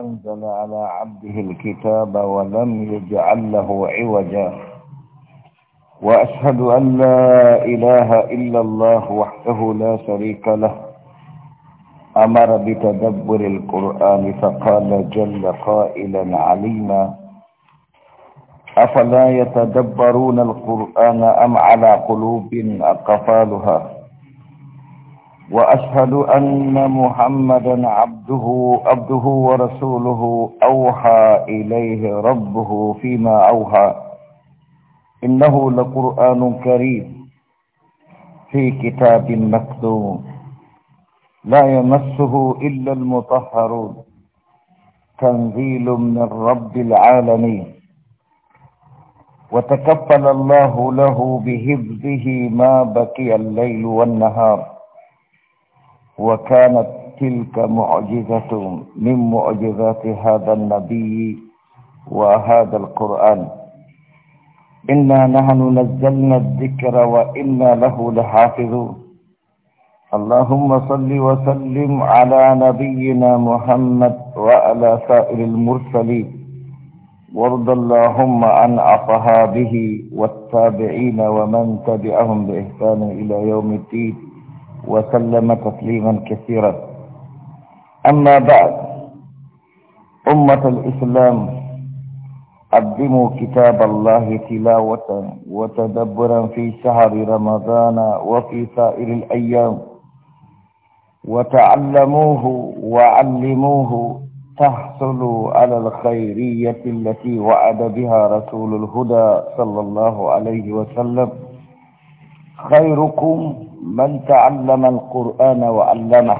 أنزل على عبده الكتاب ولم يجعل له عوجا وأشهد أن لا إله إلا الله وحده لا شريك له أمر بتدبر القرآن فقال جل قائلا عليما أفلا يتدبرون القرآن أم على قلوب أقفالها وأشهد أن محمدا عبده عبده ورسوله أوحى إليه ربه فيما أوحى إنه لقرآن كريم في كتاب مكتوم لا يمسه إلا المطهرون تنزيل من رب العالمين وتكفل الله له بهبزه ما بقي الليل والنهار وكانت تلك معجزة من معجزات هذا النبي وهذا القرآن إنا نحن نزلنا الذكر وإنا له لحافظون اللهم صل وسلم على نبينا محمد وعلى سائر المرسلين وارض اللهم عن أصحابه والتابعين ومن تبعهم بإحسان إلى يوم الدين وسلم تسليما كثيرا أما بعد أمة الإسلام قدموا كتاب الله تلاوة وتدبرا في شهر رمضان وفي سائر الأيام وتعلموه وعلموه تحصلوا على الخيرية التي وعد بها رسول الهدى صلى الله عليه وسلم خيركم من تعلم القرآن وعلمه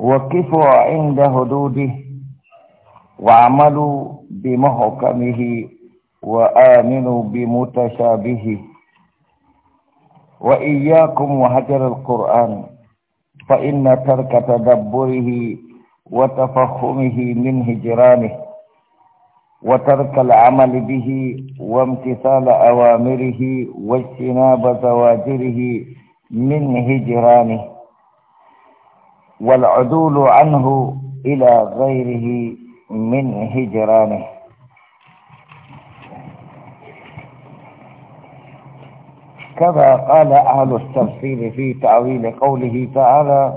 وقفوا عند حدوده وعملوا بمحكمه وآمنوا بمتشابهه وإياكم وهجر القرآن فإن ترك تدبره وتفخمه من هجرانه وترك العمل به وامتثال أوامره واجتناب زواجره من هجرانه والعدول عنه إلى غيره من هجرانه كما قال أهل التفسير في تعويل قوله تعالى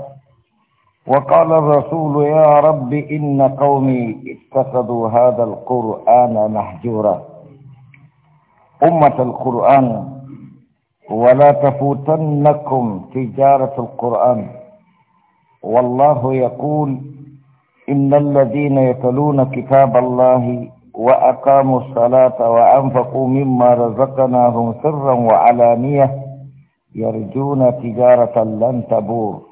وقال الرسول يا رب إن قومي اتخذوا هذا القرآن محجورا أمة القرآن ولا تفوتنكم تجارة القرآن والله يقول إن الذين يتلون كتاب الله وأقاموا الصلاة وأنفقوا مما رزقناهم سرا وعلانية يرجون تجارة لن تبور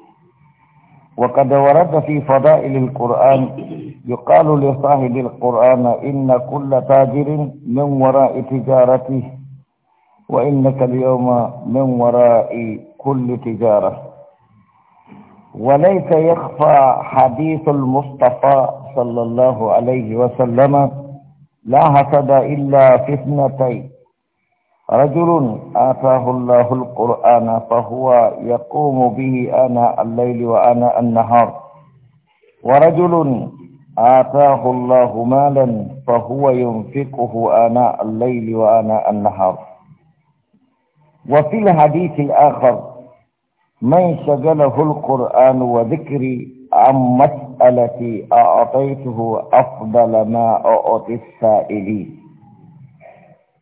وقد ورد في فضائل القرآن يقال لصاحب القرآن إن كل تاجر من وراء تجارته وإنك اليوم من وراء كل تجارة وليس يخفى حديث المصطفى صلى الله عليه وسلم لا حسد إلا فتنتين رجل آتاه الله القرآن فهو يقوم به آناء الليل وآناء النهار ورجل آتاه الله مالا فهو ينفقه آناء الليل وآناء النهار وفي الحديث الآخر من شغله القرآن وذكري عن مسألتي أعطيته أفضل ما أعطي السائلين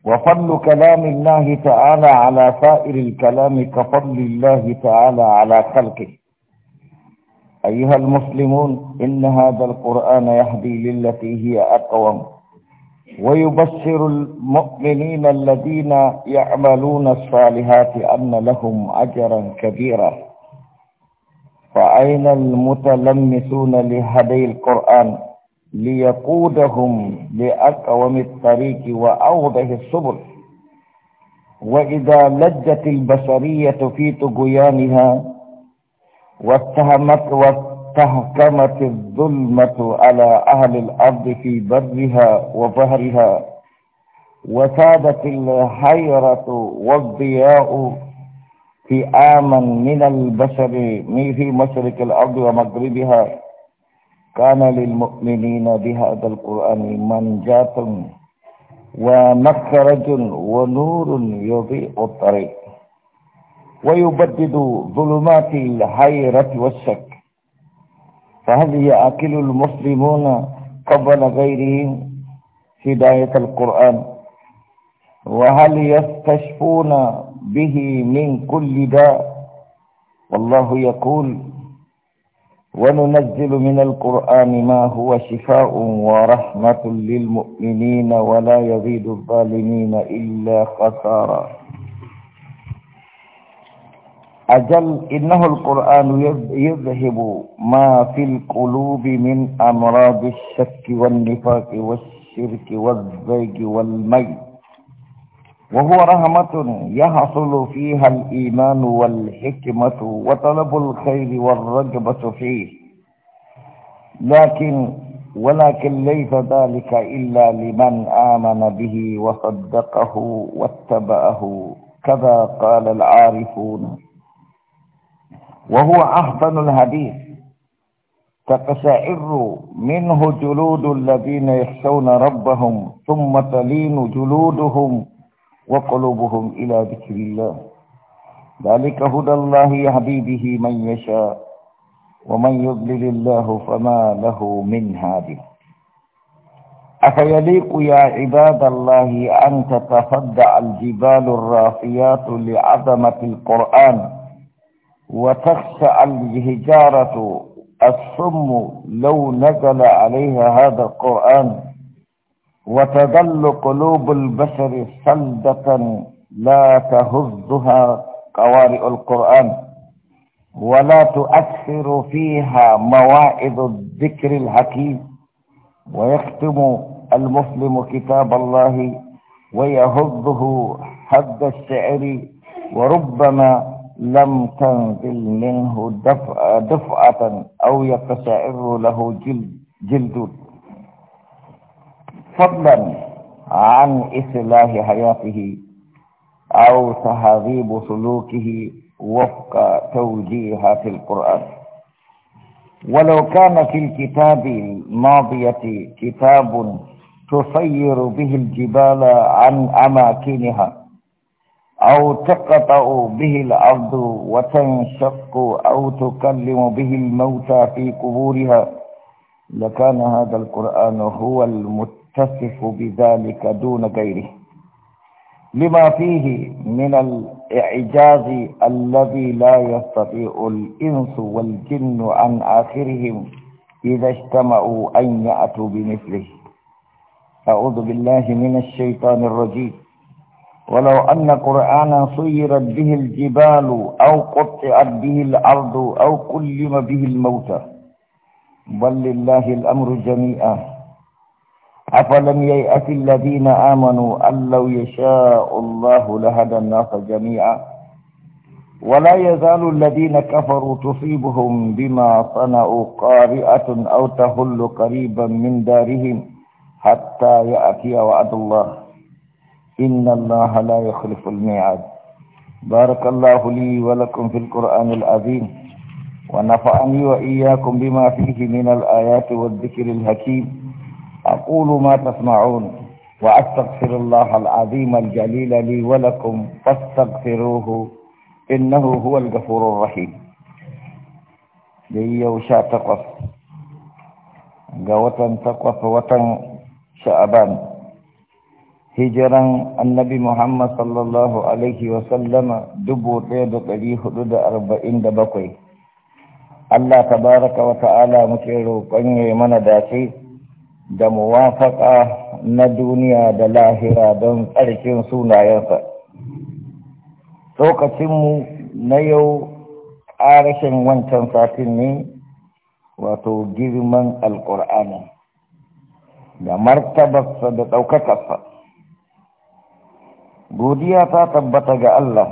وفضل كلام الله تعالى على سائر الكلام كفضل الله تعالى على خلقه أيها المسلمون إن هذا القرآن يهدي للتي هي أقوم ويبشر المؤمنين الذين يعملون الصالحات أن لهم أجرا كبيرا فأين المتلمسون لهدي القرآن ليقودهم لأقوم الطريق وأوضح السبل وإذا لجت البشرية في طغيانها واتهمت واتهكمت الظلمة على أهل الأرض في برها وظهرها وسادت الحيرة والضياء في آمن من البشر في مشرق الأرض ومغربها كان للمؤمنين بهذا القرآن منجاة ومخرج ونور يضيء الطريق ويبدد ظلمات الحيرة والشك فهل يأكل المسلمون قبل غيرهم هداية القرآن وهل يستشفون به من كل داء والله يقول وننزل من القرآن ما هو شفاء ورحمة للمؤمنين ولا يزيد الظالمين إلا خسارا أجل إنه القرآن يذهب ما في القلوب من أمراض الشك والنفاق والشرك والزيج والميت وهو رحمة يحصل فيها الإيمان والحكمة وطلب الخير والرغبة فيه لكن ولكن ليس ذلك إلا لمن آمن به وصدقه واتبعه كذا قال العارفون وهو أحسن الحديث تقشعر منه جلود الذين يخشون ربهم ثم تلين جلودهم وقلوبهم إلى ذكر الله ذلك هدى الله يهدي به من يشاء ومن يضلل الله فما له من هادي أفيليق يا عباد الله أن تتصدع الجبال الرافيات لعظمة القرآن وتخشع الهجارة السم لو نزل عليها هذا القرآن وتظل قلوب البشر سلدة لا تهزها قوارئ القرآن ولا تؤثر فيها مواعظ الذكر الحكيم ويختم المسلم كتاب الله ويهضه حد الشعر وربما لم تنزل منه دفعة, دفعة أو يتشعر له جلد, جلد فضلا عن إصلاح حياته أو تهذيب سلوكه وفق توجيهات القرآن ولو كان في الكتاب الماضية كتاب تسير به الجبال عن أماكنها أو تقطع به الأرض وتنشق أو تكلم به الموتى في قبورها لكان هذا القرآن هو المتقى تصف بذلك دون غيره لما فيه من الإعجاز الذي لا يستطيع الإنس والجن عن آخرهم إذا اجتمعوا أن يأتوا بمثله أعوذ بالله من الشيطان الرجيم ولو أن قرآنا صيرت به الجبال أو قطعت به الأرض أو كلم به الموتى بل لله الأمر جميعا أفلم ييأت الذين آمنوا أن لو يشاء الله لهدى الناس جميعا ولا يزال الذين كفروا تصيبهم بما صنعوا قارئة أو تهل قريبا من دارهم حتى يأتي وعد الله إن الله لا يخلف الميعاد بارك الله لي ولكم في القرآن العظيم ونفعني وإياكم بما فيه من الآيات والذكر الحكيم أقول ما تسمعون وأستغفر الله العظيم الجليل لي ولكم فاستغفروه إنه هو الغفور الرحيم جي شا تقف قوة تقف وطن شعبان هجرا النبي محمد صلى الله عليه وسلم دبو تيد قليه حدود أربعين دبقوي الله تبارك وتعالى مكيرو قنيه من داسي da muwafaka na duniya da lahira don tsarkin sunayensa. Tsokacinmu na yau ƙarashin wancan satin ne wato girman alƙur'ani da martabarsa da ɗaukakarsa. Godiya ta tabbata ga Allah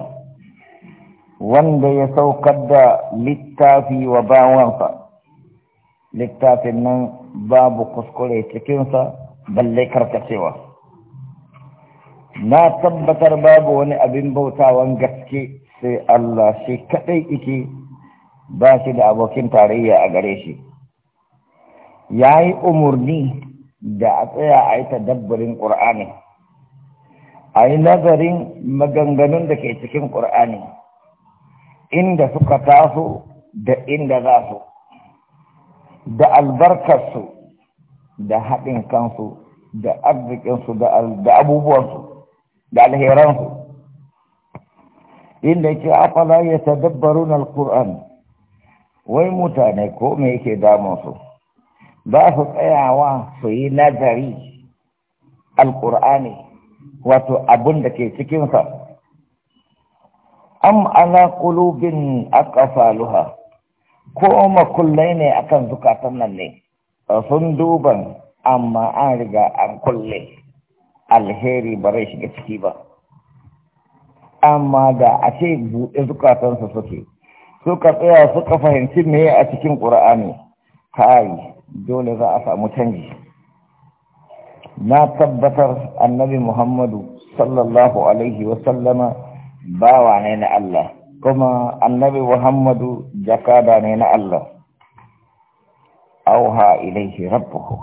wanda ya saukar da littafi wa bawansa. littafin nan babu kuskure cikinsa balle karkacewa na tabbatar babu wani abin bautawan gaske sai Allah shi kaɗai ike ba shi da abokin tarayya a gare shi ya yi umarni da a tsaya a yi tadabbarin ƙur'ani a yi nazarin maganganun da ke cikin ƙur'ani inda suka taso da inda za su da albarkarsu da haɗin kansu da arzikinsu da abubuwansu da alheransu inda ke afala ya tadabbaru na alkur'an wai mutane ko me yake damunsu ba su tsayawa su yi nazari alkur'ani wato abin da ke cikinsa am ala qulubin aqfaluha ko makullai ne akan zukatan nan ne sun duban amma an riga an kulle alheri ba zai shiga ciki ba amma da a ce buɗe zukatansa suke suka tsaya suka fahimci me a cikin ƙura'ani kai dole za a samu canji na tabbatar annabi muhammadu sallallahu alaihi wasallama bawa ne na Allah kuma annabi muhammadu jakada ne na Allah auha ilaihi rabbuhu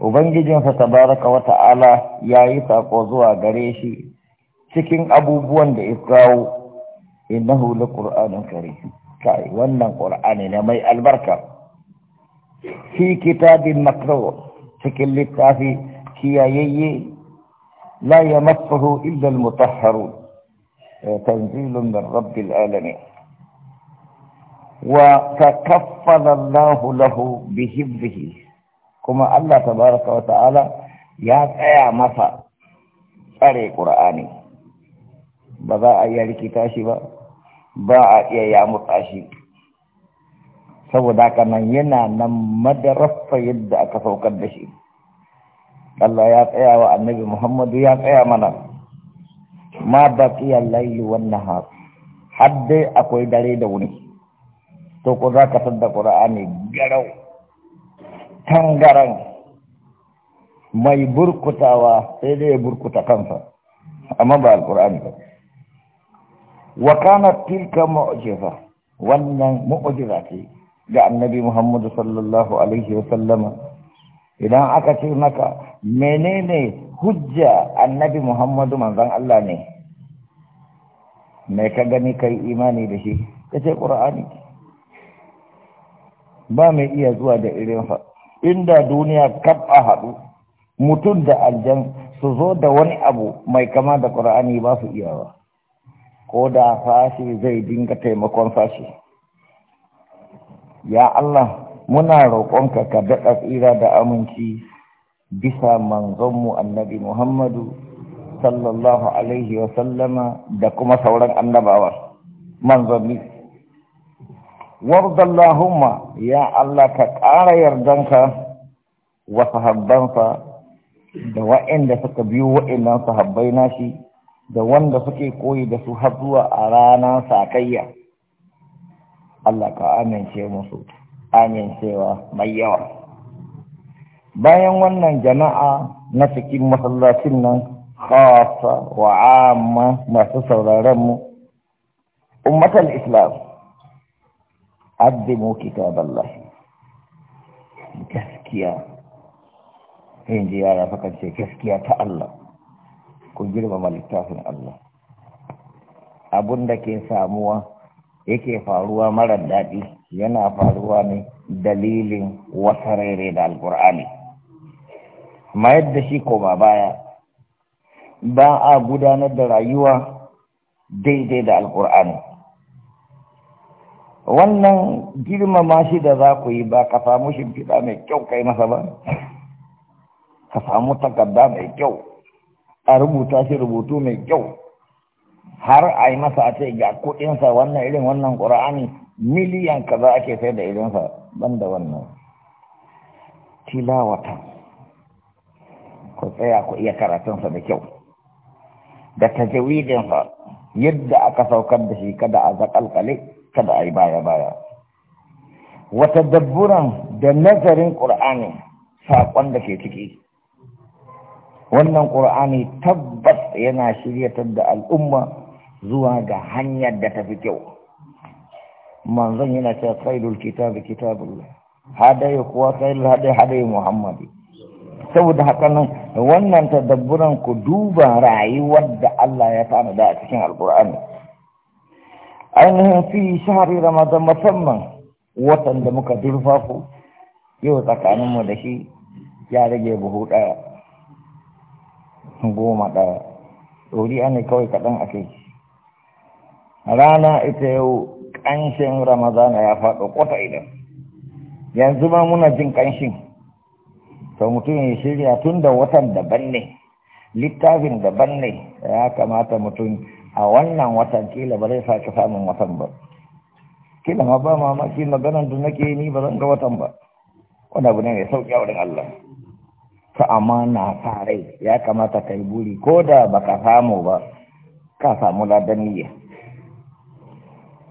ubangijinsa tabaraka wa ta'ala yayi saƙo zuwa gare shi cikin abubuwan da ya kawo innahu liqur'anin karim kai wannan qur'ani ne mai albarka fi kitabin makruh cikin littafi kiyayayye la yamassuhu illa al تنزيل من رب العالمين وتكفل الله له بحفظه كما الله تبارك وتعالى يا تيا مسا قري قراني ba za a iya با shi ba ba a saboda haka nan yana nan madarafa yadda aka saukar da shi Allah ya tsaya wa annabi Muhammadu ya tsaya mana ma baqiya al-layl wan nahar hadde akwai dare da wuni to ko za ka sadda qur'ani garau tangaran mai burkutawa sai dai ya burkuta kansa amma ba al-qur'ani ba wa kanat tilka mu'jiza wannan mu'jiza ce ga annabi Muhammad sallallahu alaihi wa sallama idan aka ce maka menene hujja annabi Muhammadu manzan Allah ne mai ka gani kai imani da shi ce ƙura'ani. ba mai iya zuwa da irin fa inda duniya kaf a haɗu mutum da aljan su zo da wani abu mai kama da ƙura'ani ba su iya ba ko da fashi zai dinga taimakon fashi ya Allah muna roƙonka ka daɗa tsira da aminci bisa manzonmu annabi Muhammadu sallallahu alaihi wa sallama da kuma sauran annabawa manzanni wardallahumma ya Allah ka ƙara yardanka wa sahabbansa da wa'inda suka biyu wa'innan sahabbai nashi da wanda suke koyi da su har zuwa a ranar sakayya Allah ka amince musu amincewa mai yawa bayan wannan jama'a na cikin masallacin nan khasa wa amma masu sauraron mu ummatal islam addimu kitaballahi gaskiya in ji yara sukan ce gaskiya ta Allah ku girmama littafin Allah abun da ke samuwa yake faruwa mara daɗi yana faruwa ne dalilin wasa da alkur'ani mayar da shi koma baya ba a gudanar da rayuwa daidai da alkur'ani wannan girmama shi da za ku yi ba ka samu shimfiɗa mai kyau kai masa ba ka samu takarda mai kyau a rubuta shi rubutu mai kyau har a yi masa a ce ga kuɗinsa wannan irin wannan ƙura'ani miliyan kaza ake sai da irinsa ban da wannan tilawatan ku tsaya ku iya karatunsa da kyau da tajawidinsa yadda aka saukar da shi kada a zakalkale kada a yi baya-baya wata dabburan da nazarin ƙur'ani saƙon da ke ciki wannan ƙur'ani tabbas yana shiryatar da al'umma zuwa ga hanyar da tafi kyau manzon yana cewa khairul kitab kitabullah hadayi kuwa khairul hadayi hadayi muhammadi saboda haka nan wannan tadabburan ku duba rayuwar da Allah ya tanada a cikin alkur'ani ainihin fi shahari ramadan musamman watan da muka durfa ku yau tsakaninmu da shi ya rage buhu ɗaya goma ɗaya ɗoriya ne kawai kaɗan a kai rana ita yau ƙanshin ramadana ya faɗo ƙwata idan yanzu ma muna jin ƙanshin to mutum ya shirya tun da watan daban ne littafin daban ne ya kamata mutum a wannan watan kila ba zai sake samun watan ba kila ma ba mamaki maganan da nake ni ba zan ga watan ba wanda abu ne mai sauƙi a wurin Allah ta amana sa rai ya kamata ka yi buri ko da ba ka samu ba ka samu ladaniya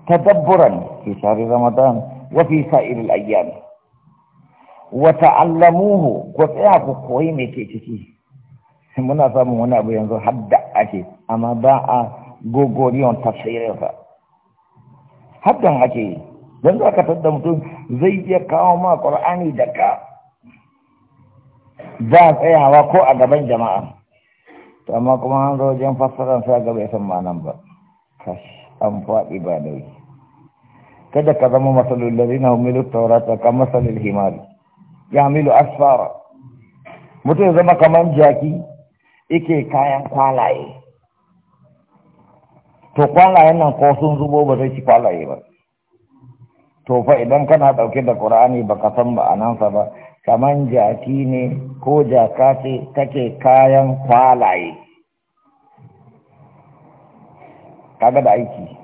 tadabburan fi shahri ramadan wa fi sa'iril ayyam wata allamuhu ku tsaya ku koyi mai ke ciki muna samun wani abu yanzu hadda ake amma ba a gogoriyon tafsirinsa sa haddan ake yi don za ka tadda mutum zai iya kawo ma ƙur'ani da ka za a tsayawa ko a gaban jama'a Ta amma kuma an zo wajen fassarar sa gaba ya san ma nan ba kashi an faɗi ba nauyi kada ka zama masalul ladina humilu taurata kan masalul himari yamilu asfara mutum zama kamar jaki ike kayan kwalaye to kwalayen nan ko sun zubo ba zai ci kwalaye ba to fa idan kana ɗauke da qur'ani ba ka san sa ba kamar jaki ne ko jaka ce take kayan kwalaye kaga da aiki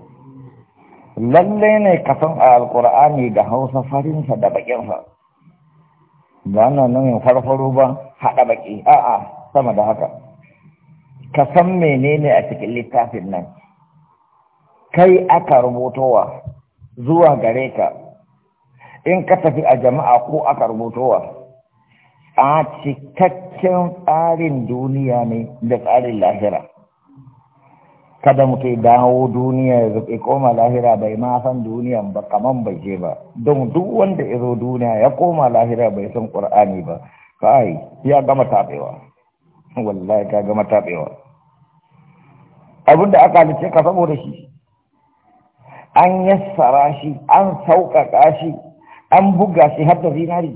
lalle ne ka san a alkur'ani da hausa farinsa da bakinsa. ba na nan farfaro ba haɗa baƙi a'a sama da haka ka san menene a cikin littafin nan kai aka rubutowa zuwa gare ka in ka tafi a jama'a ko aka rubutowa a cikakken tsarin duniya ne da tsarin lahira kada mutu dawo duniya ya zuɓe koma lahira bai ma san duniyan ba kaman bai je ba don duk wanda ya zo duniya ya koma lahira bai san ƙur'ani ba kai ya gama taɓewa wallahi ka gama taɓewa abinda aka halice ka saboda shi an yassara shi an sauƙaƙa shi an buga shi har da zinari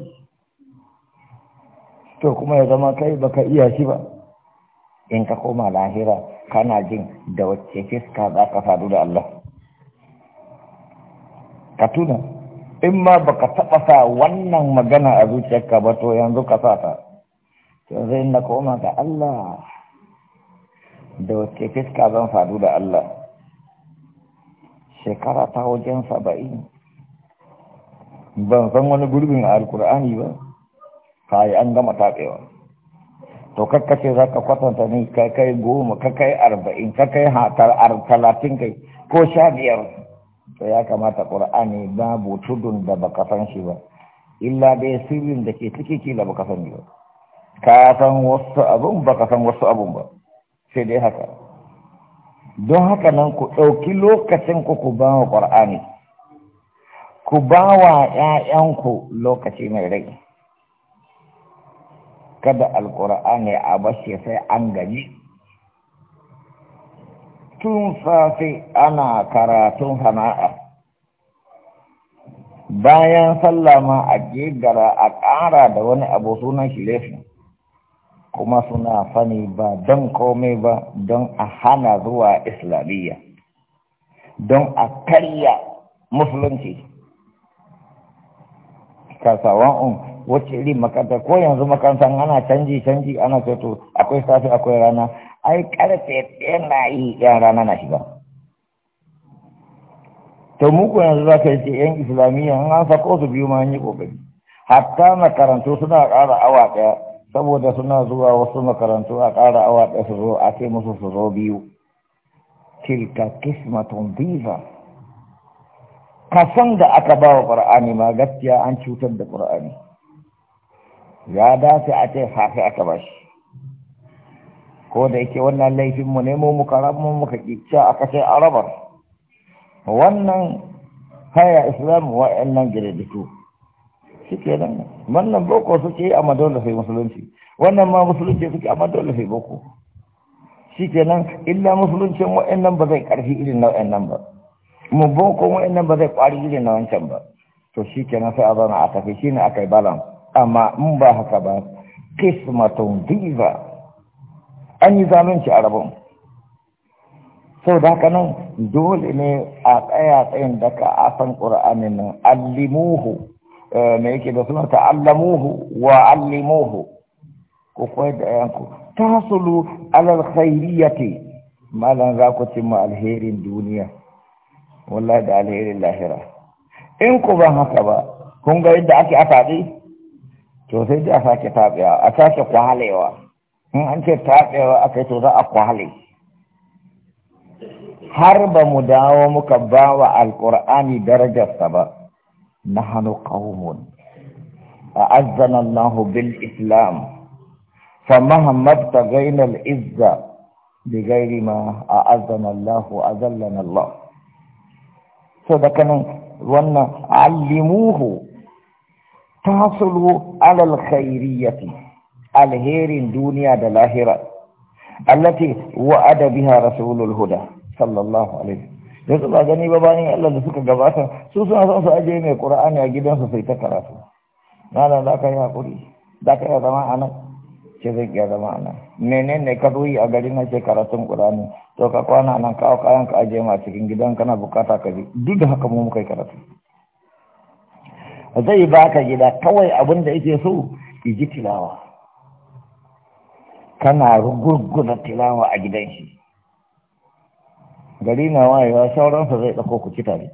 to kuma ya zama kai baka iya shi ba in ka koma lahira kana jin da wacce fiska za ka sadu da Allah ka tuna in ma baka taɓa sa wannan magana a zuciyarka ba to yanzu ka sa ta yanzu in na koma ga Allah da wacce fiska zan sadu da Allah shekara ta wajen saba'in ban san wani gurbin a alkur'ani ba yi an gama taɓewa to kakkace za ka kwatanta ni? ka goma ka arba'in ka kai talatin kai ko sha biyar to ya kamata ƙur'ani babu tudun da baka san shi ba illa dai sirrin da ke ciki kila baka san ba ka san wasu abun baka san wasu abun ba sai dai haka don haka nan ku ɗauki lokacin ku ku ba wa ƙur'ani ku ba wa ƴaƴanku lokaci mai rai kada alƙur'ani ya bashi sai an gaji tun safe ana karatun sana'a bayan sallama a gegara a ƙara da wani abu sunan shi laifin kuma suna fani ba don komai ba don a hana zuwa islamiyya don a karya musulunci kasawa'un wacce iri makaranta ko yanzu makarantar ana canji canji ana ceto akwai safi akwai rana ai karfe ɗaya na yi yan rana na shiga to mu yanzu za ka yi yan islamiyya an an sako su biyu ma yi kokari hatta makarantu suna ƙara awa ɗaya saboda suna zuwa wasu makarantu a ƙara awa ɗaya su zo a sai musu su zo biyu tilka kismatun diva kasan da aka ba wa ƙur'ani ma gaskiya an cutar da ƙur'ani ya dace a ce safe aka bashi ko da yake wannan laifinmu ne mu muka mu muka kicce aka ce a rabar wannan haya islam wa'annan gireditu shi ke nan wannan boko suke amma dole sai musulunci wannan ma musulunci suke amma dole sai boko shi nan illa musuluncin wa'annan ba zai karfi irin na wa'annan ba mu boko wa'annan ba zai kwari irin na wancan ba to shi sai a zauna a tafi shi ne aka yi balance amma in ba haka ba kismatun diva an yi zalunci a rabon sau da haka nan dole ne a tsaya tsayin da ka asan ƙura'anin nan allimuhu eh, mai yake da suna allamuhu wa allimuhu ku kwai da yanku tasulu alal khairiyati malan za ku alherin duniya wallahi da alherin lahira in ku ban haka ba kun ga yadda ake a faɗi to sai da sake taɓewa a sake kwalewa in an ce taɓewa aka to za a kwale har ba mu dawo muka ba wa alƙur'ani darajarsa ba na hannu ƙaumun a azzanallahu bil islam fa muhammad ta gainal izza bi gairi ma a Allah a Allah so da kanan wannan allimuhu tasulu alal khairiyyati alherin duniya da lahira allati wa'ada biha rasulul huda sallallahu alaihi yanzu ba gani ba bayan Allah da suka gabata su suna son su ajiye mai Qur'ani a gidansu sai ta karatu da za ka yi hakuri za ka iya zama a nan ce zai iya zama a nan menene ka zo a garin na ce karatun Qur'ani to ka kwana nan kawo kayan ka ajiye ma cikin gidan kana bukata ka je duk da haka mu muka yi karatu zai baka gida kawai abin da yake so ji tilawa kana rugurguna tilawa a gidan shi gari na wayewa sauransa zai ɗauko ku ci tare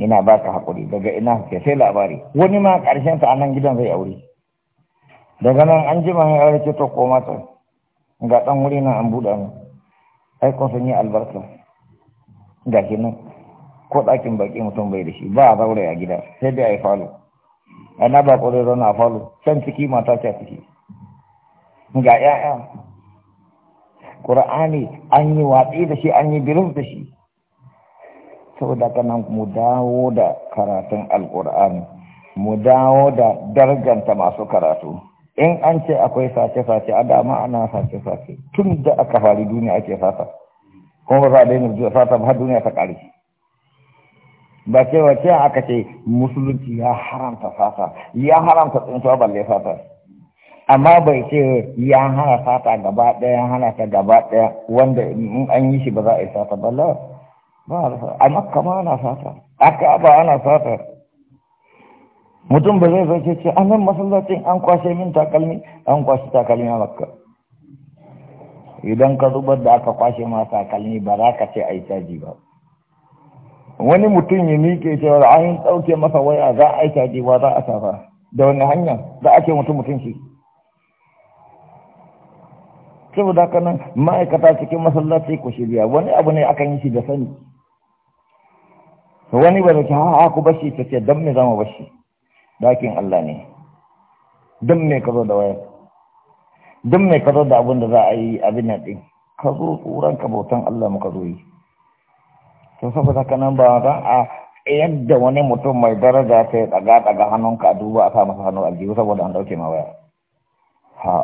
ina baka haƙuri daga ina ke sai labari wani ma ƙarshen a nan gidan zai aure daga nan an ji mai aure ce to koma ta ga ɗan wuri na an buɗa mu ai kun sun albarka ga nan ko ɗakin baƙi mutum bai da shi ba a zaure a gida sai dai a yi falo ana ba ƙwarai zaune a falo can ciki mata ce a ciki ga ‘ya'ya ƙurani an yi watsi da shi an yi birin da shi saboda ka nan mu dawo da karatun alƙur'ani mu dawo da darganta masu karatu in an ce akwai sace-sace a dama ana sace-sace tun da aka fari duniya ake sata kuma ba za a daina sata ba har duniya ta ƙare ba ce wace aka ce musulunci ya haramta fata ya haramta tsintuwa balle fata amma bai ce ya hana fata gaba ɗaya ya hana ta gaba ɗaya wanda in an yi shi ba za a yi fata ba la ba a makka ma ana fata aka ba ana fata mutum ba zai zai ce an nan masallacin an kwashe min takalmi an kwashe takalmi a makka idan ka zubar da aka kwashe ma takalmi ba za ka ce a yi caji ba wani mutum ya miƙe cewa an ɗauke masa waya za a aika jiwa za a safa da wani hanya za a ke mutum mutum shi saboda haka nan ma'aikata cikin masallaci ku shirya wani abu ne akan yi shi da sani wani ba da ke ha ku bashi ta ce don me zama bashi dakin Allah ne don me ka zo da waya? don me ka zo da abin da za a yi abin nan ɗin ka zo tsoron ka bautan Allah muka zo yi to saboda haka nan ba za a yadda wani mutum mai daraja ta ya daga daga hannunka a duba a sa masa hannu aljihu saboda an dauke ma ha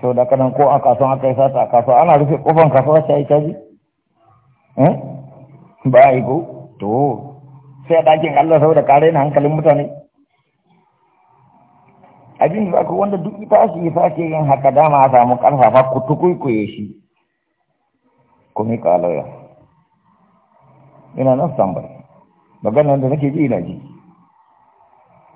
so da kanan ko a kasuwan aka yi sata a kasuwa ana rufe kofan kasuwa sai ta ji eh? ba a yi ko to sai a dakin Allah saboda kare na hankalin mutane abin da aka wanda duk ita shi ya sake yin haka dama a samu karfafa ku tukuikuye shi ku miƙa lauya ina nan sambar maganar da nake ji ina ji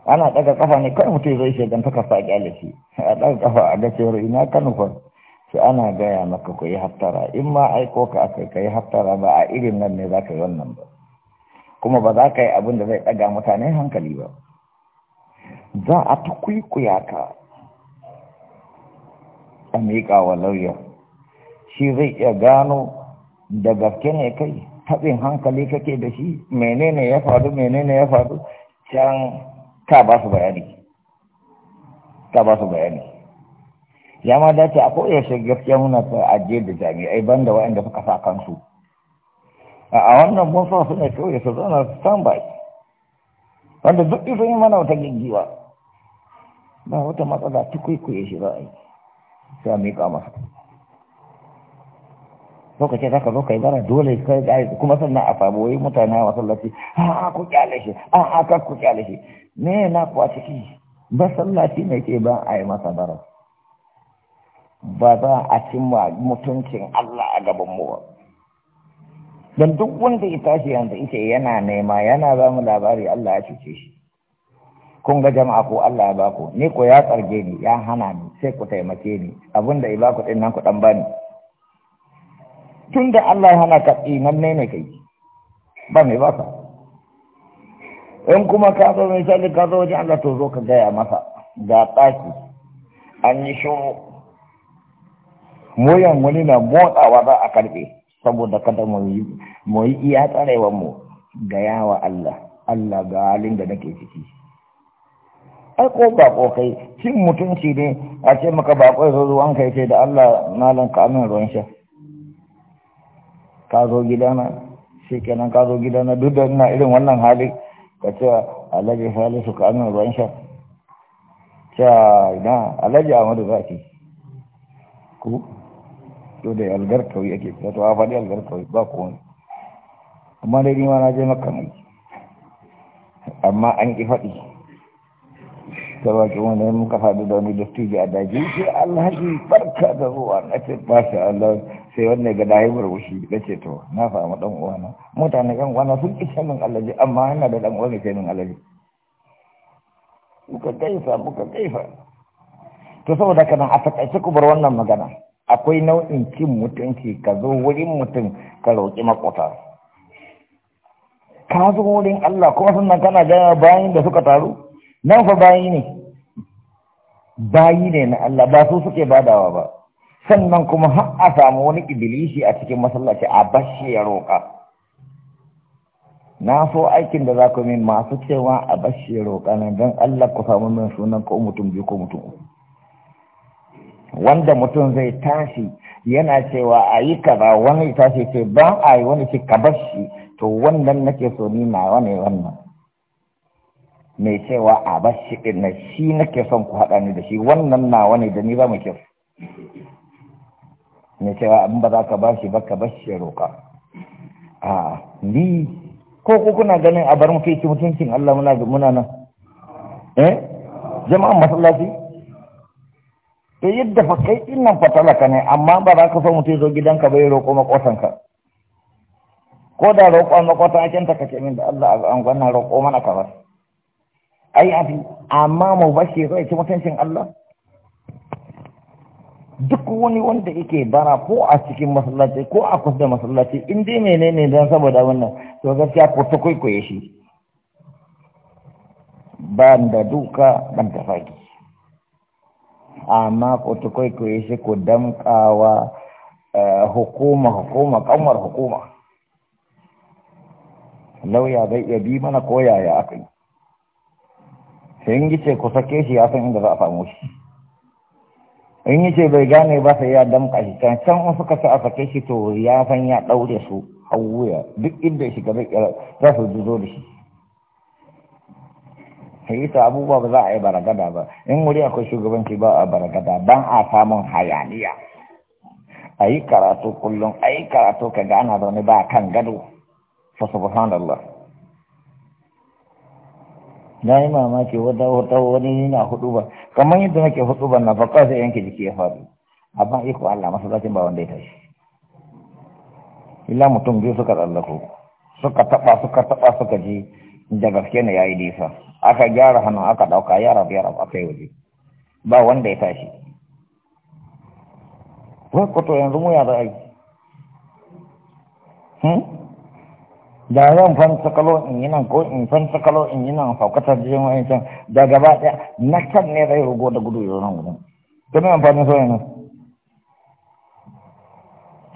ana daga kafa ne kai mutum zai shiga ta kasa kyale shi a daga kafa a ga cewa ina kanu fa sai ana gaya maka ku yi hattara in ma aiko ka aka ka hattara ba a irin nan ne za yi wannan ba kuma ba za ka yi abin da zai daga mutane hankali ba za a ta kui-kuya ka a miƙa wa lauya shi zai iya gano da gaske ne kai taɓin hankali kake da shi menene ya faru menene ya faru can ka ba su bayani ka ba su bayani ya ma dace a koyaushe gaskiya muna ta ajiye da jami'ai banda wayanda suka sa kansu a wannan mun sa su ne kawai su zana standby wanda duk isa yi mana wata gaggiwa ba wata matsala ta kwaikwaye shi ba a yi sai a miƙa masa lokacin za ka zo kai bara dole kai gari kuma sannan a fabo yi mutane a masallaci a ku kyale shi a a kar ku kyale shi me na ku a ciki Ba sallaci ne ke ba a yi masa bara ba za a cimma mutuncin Allah a gaban mu ba dan duk wanda ya tashi yanzu ita yana nema yana ba mu labari Allah ya cuce shi kun ga jama'a ko Allah ya ba ku ni ko ya tsarge ni ya hana ni sai ku taimake ni abinda ya ba ku din nan ku dan bani tun da Allah ya hana ka iman eh, ne kai ba mai ba ka in kuma ka zo misali ka zo wajen Allah to zo ka gaya masa ga ɗaki an yi shuru moyan wani na motsawa za a karɓe saboda kada mu yi iya tsarewar mu gaya wa Allah Allah ga halin da nake ciki ai ko ba ko kai cin mutunci ne a ce maka ba ko zo ya ce da Allah malan ka amin ruwan sha ka zo gidana shi kenan ka zo gidana duk da ina irin wannan hali ka ce alhaji salisu ka amin ruwan sha sha ina alhaji amadu zaki ku to da algar kawai ake ta to a faɗi algar kawai ba ku wani amma dai yi ma na je makka mai amma an ƙi faɗi ta ki wani muka faɗi da wani dattijo a daji sai alhaji barka da zuwa na ce ba shi allah sai wanda ga dai burbushi ce to na fama dan uwana mutane kan uwana sun ki shamin alaji amma yana da dan uwana shamin alaji muka kaifa muka kaifa to saboda kana a takaice ku bar wannan magana akwai nau'in cin mutunci ka zo wurin mutum ka roƙi makota ka zo wurin Allah kuma sannan kana gaya bayin da suka taru nan fa bayi ne bayi ne na Allah ba su suke badawa ba sannan kuma har a samu wani ibilishi a cikin masallaci a bashi ya roƙa na so aikin da za ku min masu cewa a bashi ya roƙa nan don Allah ku samu min sunan ko mutum biyu ko mutum wanda mutum zai tashi yana cewa a yi kaza wani tashi ce ban a yi wani ce ka bashi to wannan nake so ni na wani wannan mai cewa a bashi ɗin na shi nake son ku haɗa ni da shi wannan na wani da ni ba mu kyau ne cewa abin ba za ka ba shi ba ka ba shi roƙa a ni ko ko kuna ganin a bar mu kai mutuncin Allah muna muna nan eh jama'an masallaci to yadda fa kai din nan fa ne amma ba za ka so mutum zo gidanka bai roƙo ka. ko da roƙo makota a ta ka ce min da Allah an gwanna roƙo mana ka ba ai fi amma mu bashi zai ci mutuncin Allah duk wani wanda yake bara ko a cikin masallaci ko a kusa da masallaci in dai menene don saboda wannan to gaskiya ko ta kwaikwaye shi Ban da duka ban da fagi amma ko ta kwaikwaye shi ko damkawa eh, hukuma hukuma kamar hukuma lauya zai iya bi mana koyaya aka yi sai in gice ku sake shi ya san inda za a samu shi in ce bai gane ba sai ya damka shi can can in suka sa a shi to ya san ya ɗaure su hauwuya duk inda shi gaba kira za su zo da shi sai ta abubuwa ba za a yi baragada ba in wuri akwai shugabanci ba a baragada ban a samun hayaniya a yi karatu kullum a yi karatu ka gana zaune ba kan gado fa subhanallah na yi mamaki wata wata wani na hudu ba kamar yadda nake hudu ba na farko sai yanke jiki ya faru amma iko Allah masallacin ba wanda ya tashi illa mutum biyu suka tsallako suka taba suka taba suka ji da gaske ne yayi nisa aka gyara hannu aka dauka ya rabu ya rabu aka yi waje ba wanda ya tashi wai kwato yanzu mu ya za a yi hmm? da zan kalo, in yi nan ko in kalo, in yi nan faukatar jirin wa'ancan can da gaba ɗaya na can ne zai rugo da gudu yau nan gudun ta mai amfani so yana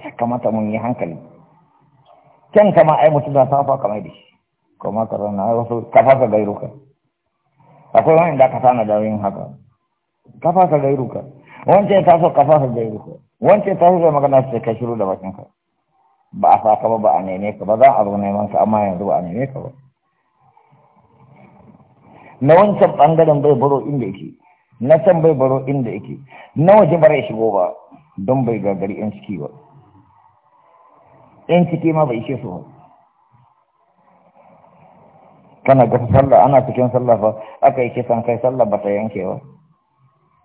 ya kamata mun yi hankali can kama ai mutu da safa kamar da shi kuma ka zana ai wasu ka fasa gairuka akwai wani da ka sana da yin haka ka fasa gairuka wancan ta so ka fasa gairuka wancan ta so magana su ka shiru da bakinka ba a saka ba ba a neme ka ba za a zo neman ka amma yanzu ba a neme ka ba na wancan bangaren bai baro inda yake na can bai baro inda yake na waje ba ya shigo ba don bai gagari yan ciki ba yan ciki ma bai ishe su ba kana gasa sallah ana cikin sallah fa aka yi kisan kai sallah ba ta yanke ba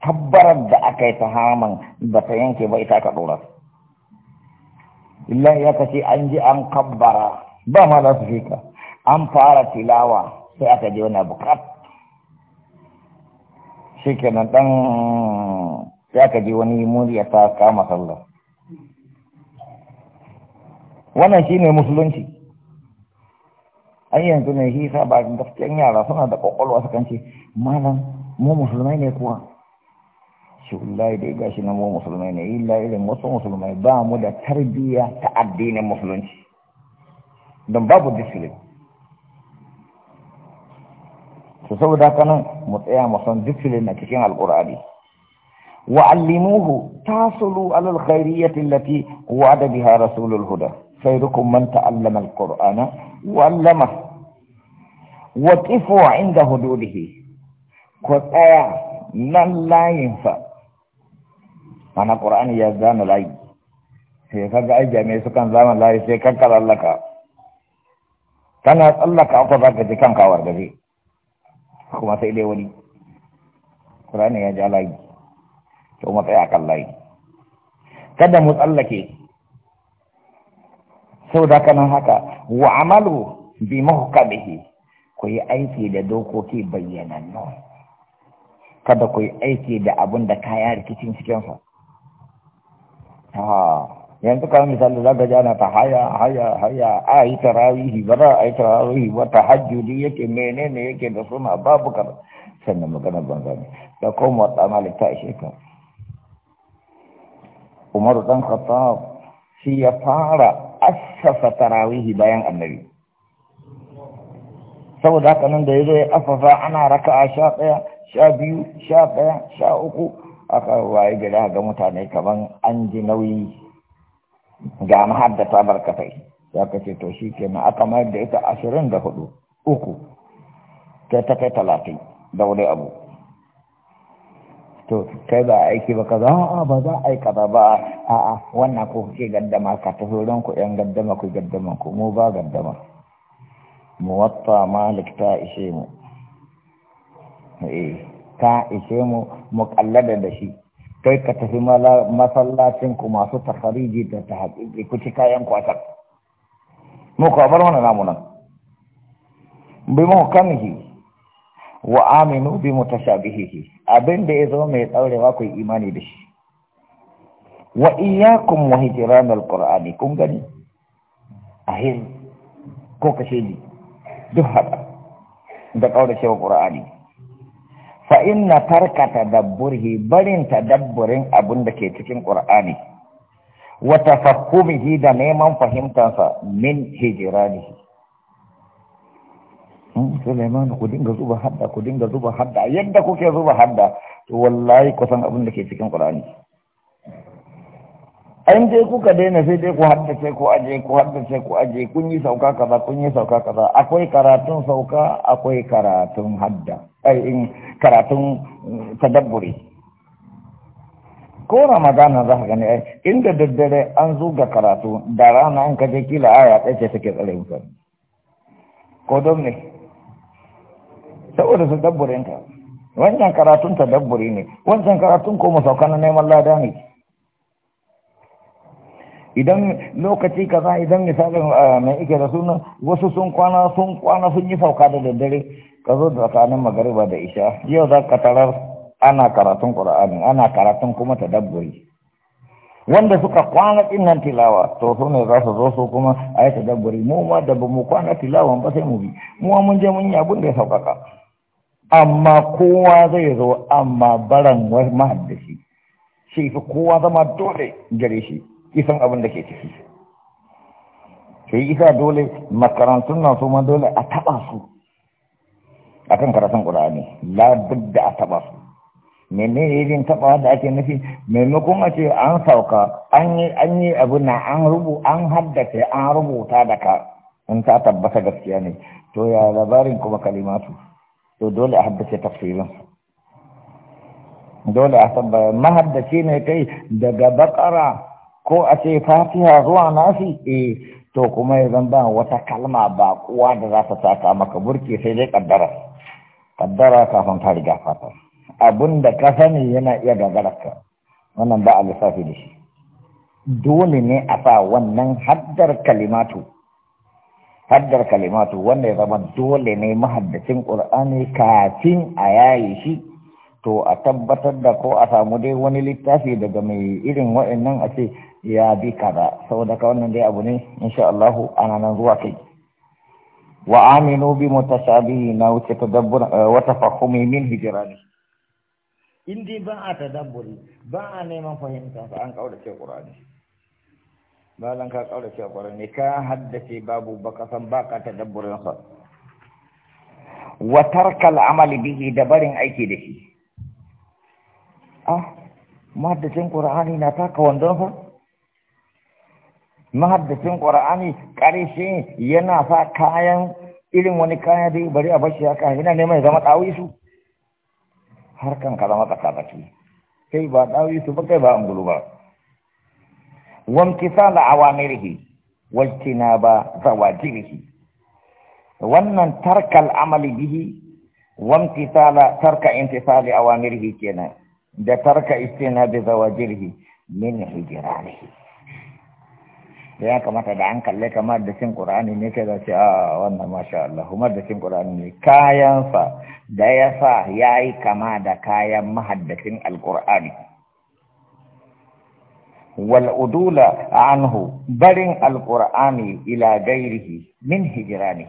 tabbarar da aka yi ta haman ba ta yanke ba ita aka ɗora Allah ya kace an ji an kabbara ba ma za su fika an fara tilawa sai aka je wani abu kaf shikenan dan sai aka je wani ya ta kama sallah wannan shi ne musulunci an yanzu ne hisa ba gaskiyan yara suna da kwakwalwa su kan ce malam mu musulmai ne kuwa shi wallahi dai gashi na mu musulmai ne illa irin wasu musulmai ba mu da tarbiya ta addinin musulunci don babu discipline to saboda haka nan mu tsaya mu san discipline a cikin alqur'ani wa allimuhu tasulu ala alkhairiyyati allati wa'ada biha rasulul huda khairukum man ta'allama alqur'ana wa 'allama wa qifu 'inda hududihi ko tsaya nan layin fa mana ƙur'ani ya zana layi sai ka ga aiki mai sukan zama layi sai kan ka tsallaka kana tsallaka akwai za ka ji kan war gaje kuma sai dai wani ƙur'ani ya ja layi to mu tsaya kan layi kada mu tsallake sau da kanan haka wa amalu bi mahukamihi ku yi aiki da dokoki bayyanannu kada ku yi aiki da abun da kaya rikicin cikinsa yanzu kawai misali za ka ji ta haya haya haya a yi tarawihi ba za a yi tarawihi ba ta hajjudi yake menene yake da suna babu kar sannan magana banza ne da koma tsana ta ishe ka umaru dan khattab shi ya fara assasa tarawihi bayan annabi saboda haka nan da ya zo ya afafa ana raka'a sha ɗaya sha biyu sha ɗaya sha uku aka waye gari ga mutane kaman an ji nauyi ga mahaddata barkatai ya kace to shi kenan aka mayar da ita ashirin da hudu uku ta ta kai talatin da wani abu to kai ba aiki ba kaza a ba za a aika ba a a wannan ko kuke gaddama ka ta horon ku yan gaddama ku gaddama ku mu ba gaddama muwatta malik ta ishe mu eh ta ishe mu mu kallada da shi kai ka tafi masallacin ku masu tafariji da ta haƙiƙi ku ci kayan kwasar mu ku bar mana namu nan bi mu kanhi wa aminu bi mutashabihihi abin da ya zo mai tsaurewa ku imani da shi wa iyyakum wa hijran alqur'ani kun gani ahin ko kashe ni duk haka da kaurace wa qur'ani fa inna tarkata dabburhi barin dabburin abin da ke cikin qur'ani Wata tafahhumihi da neman fahimtansa min Hmm, Suleiman ku dinga zuba hadda ku dinga zuba hadda yadda kuke zuba hadda to wallahi kusan abin da ke cikin qur'ani an dai kuka daina sai dai ku haddace ku aje ku haddace ku aje kun yi sauka kaza kun yi sauka kaza akwai karatun sauka akwai karatun hadda ai in karatun mm, tadabburi ko ramadana za ka gani inda daddare an zuga karatu da rana an kaje kila aya ɗaya ce take tsare mutum ko don ne saboda su dabburinka wancan karatun tadabburi ne wancan karatun ko musauka na neman lada ne idan lokaci kaza idan misalin ah, mai ike da suna wasu sun kwana sun kwana sun yi sauka da daddare ka zo tsakanin magariba da isha yau za ka tarar ana karatun ƙura'ani ana karatun kuma ta dabburi wanda suka kwana ɗin nan tilawa to su ne za su zo su kuma a yi ta dabburi mu ma da ba mu kwana tilawan ba sai mu bi mu mun je mun yi abin da ya sauƙaƙa amma kowa zai zo amma baran mahaddashi shi fi kowa zama dole gare shi kisan abin da ke ciki sai isa dole makarantun na su ma dole a taɓa su A kan karatun ƙura'ani labar da a taɓa su menene irin taɓa da ake nufi maimakon a ce an sauka an yi an yi abu na an rubu an haddace an rubuta da ka in ta tabbata gaskiya ne to ya labarin kuma kalimatu to dole a haddace tafsirin dole a tabbata mahaddace ne kai daga bakara ko a ce fatiha zuwa nasi eh to kuma ya zan ba wata kalma ba kuwa da za ta saka maka burki sai dai kaddara kaddara kafin ka riga fata abun da ka sani yana iya gagararka wannan ba a lissafi da shi dole ne a sa wannan haddar kalimatu haddar kalimatu wanda ya zama dole ne mahaddacin ƙur'ani kafin a yaye shi to a tabbatar da ko a samu dai wani littafi daga mai irin wa'annan a ce ya bi kaza saboda ka wannan dai abu ne insha Allah ana nan zuwa kai wa aminu bi mutashabihi na wuce tadabbur eh, wa tafahumi min hijrani indi ba a tadabburi ba a neman fahimta fa an ce qur'ani balan ka ce qur'ani ka haddace babu baka san ba ka tadabburin sa wa tarkal amali bihi da barin aiki da shi ah maddacin qur'ani na taka wandon fa mahaddacin ƙwar'ani ƙarshe yana sa kayan irin wani kayan dai bari a bashi haka yana neman ya zama ɗawisu kan ka zama tsakatsaki kai ba ɗawisu ba kai ba gulu ba na ba zawa zawajirihi wannan tarkal amali bihi la tarka intisali awamirhi kenan da tarka zawa zawajirihi min hijranihi ya kamata da an kalle kamar da cin ƙura'ani ne kai ce a ah, wannan masha Allah kuma da cin ƙura'ani ne kayansa da ya sa ya yi kama da kayan mahaddacin alƙur'ani wal'udula anhu barin alƙur'ani ila gairihi min hijirani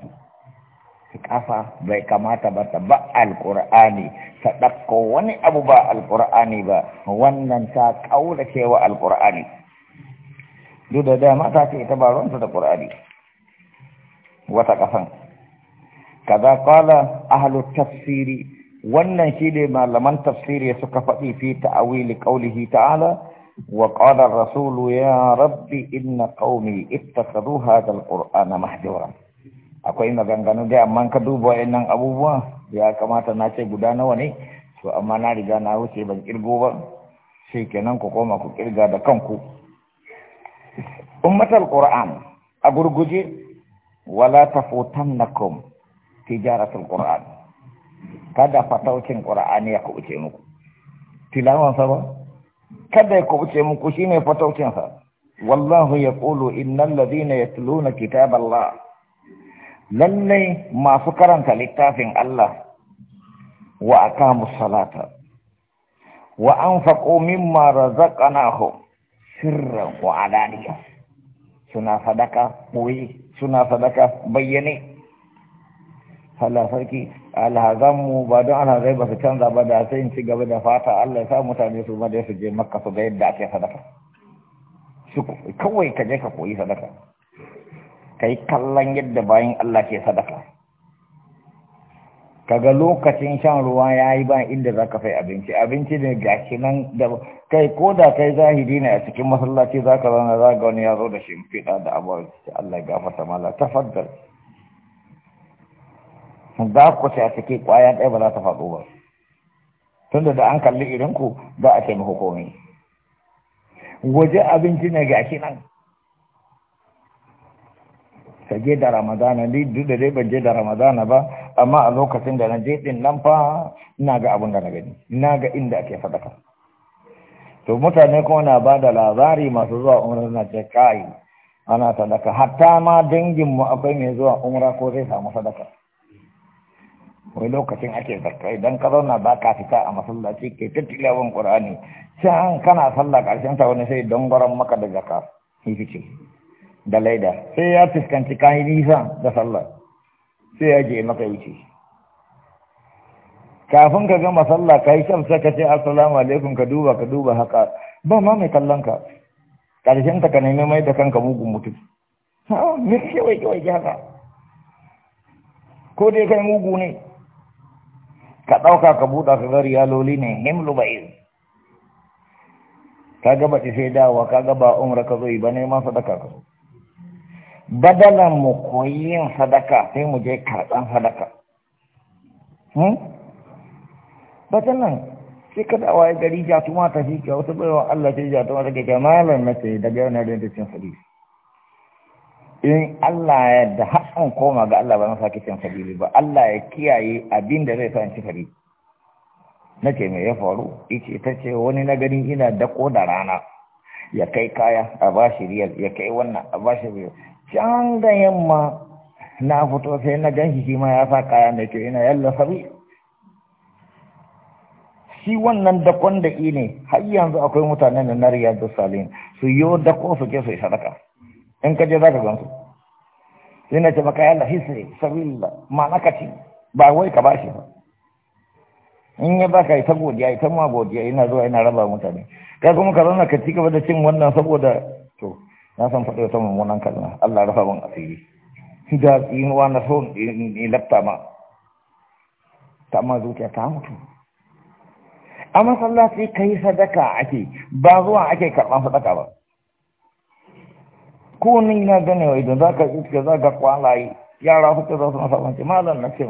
kafa bai kamata ba ta ba alƙur'ani ta ɗakko wani abu ba alƙur'ani ba wannan ta ƙaurace wa alƙur'ani duk da dama ta ce ita ba ruwanta da ƙur'ani wata ƙasan kaza qala ahlu tafsiri wannan shi ne malaman tafsiri suka faɗi fi ta'awili qawlihi ta'ala wa qala rasulu rasul ya rabbi inna qaumi ittakhadhu hadha al mahjura akwai maganganu da amma ka duba wayannan abubuwa ya kamata na ce guda nawa ne to amma na riga na wuce ban kirgo ba sai kenan ku koma ku kirga da kanku ummatal qur'an a gurguje wala tafutannakum tijaratul qur'an kada fataucin qur'ani ya uce muku tilawan sa ba kada ya kubuce muku shine fataucin sa wallahu yaqulu innal ladina yatluna kitaballah lalle masu karanta littafin Allah wa aqamu salata wa anfaqu mimma razaqnahum sirran ko alaniya suna sadaka koyi, suna sadaka bayyane Allah sarki alhazanmu ba don alhazai ba su canza ba da sai in ci gaba da fata Allah ya sa mutane su ma su je makka su ga yadda ake sadaka kawai ka je ka koyi sadaka kai kallon yadda bayan Allah ke sadaka kaga lokacin shan ruwa ya yi ba inda za ka fai abinci abinci ne ga shi nan da kai ko da kai zahiri ne a cikin masallaci za ka zana za ga wani ya zo da shi fiɗa da abuwa Allah ya gafarta mala faddar. za ku ce a cikin ƙwaya ɗaya ba za ta faɗo ba tunda da an kalli irin ku za a taimako komai waje abinci ne ga shi nan ka je da ramadana ni duk da dai ban je da ramadana ba amma a lokacin da na je din nan fa ina ga abin da na gani ina ga inda ake sadaka to mutane kuma na ba da labari masu zuwa umra na ce kai ana sadaka hatta ma dangin mu akwai mai zuwa umra ko zai samu sadaka wai lokacin ake zarka idan ka zauna ba ka fita a masallaci ke tattila wani qur'ani can kana sallah karshen ta wani sai dongoron maka da jaka hifice da laida sai ya fuskanci kayan nisa da sallah sai ya je maka wuce kafin ka gama sallah ka yi shamsa ka ce assalamu alaikum ka duba ka duba haka ba ma mai kallon ka ƙarshen ta ka nemi mai da kanka mugun mutum me ke waje waje haka ko dai kai mugu ne ka ɗauka ka buɗa ka ga riyaloli ne himlu ba'in ka gaba ce sai dawa ka gaba umra ka zo ba neman sadaka ka zo badalan mu koyi yin sadaka sai mu je karɓan sadaka nan, hmm? sai ka a waye gari jatuma ta fi kyau ta baiwa Allah ce jatuma ta ke malam na ce daga yau na da yadda cin sadi. in Allah ya da haɗin koma ga Allah ba na sake cin hadisi ba Allah ya kiyaye abin da zai sa in ci sadi na ce mai ya faru ice ta ce wani na gani ina dako da rana ya kai kaya a bashi riyal ya kai wannan a bashi riyal can da yamma na fito sai na gan shi shi ma ya sa kaya mai kyau ina yalla sabi shi wannan dakon da ne har yanzu akwai mutanen da na da salim su yo dako su ke su yi sadaka in ka je za ka gan su sai na ce maka yalla hisri sabilla malakaci ba wai ka bashi ba in ya yi ta godiya ita ma godiya ina zuwa ina raba mutane kai kuma ka zauna ka ci gaba da cin wannan saboda na san faɗi wata mummunan kalma Allah rafa min asiri da wa na so in lafta ma ta amma zuciya ta mutu a masallaci kai sadaka ake ba zuwa ake karɓar sadaka ba ko ni na gane wa idan zaka iska zaka kwalaye yara za su masa sabon malam na ce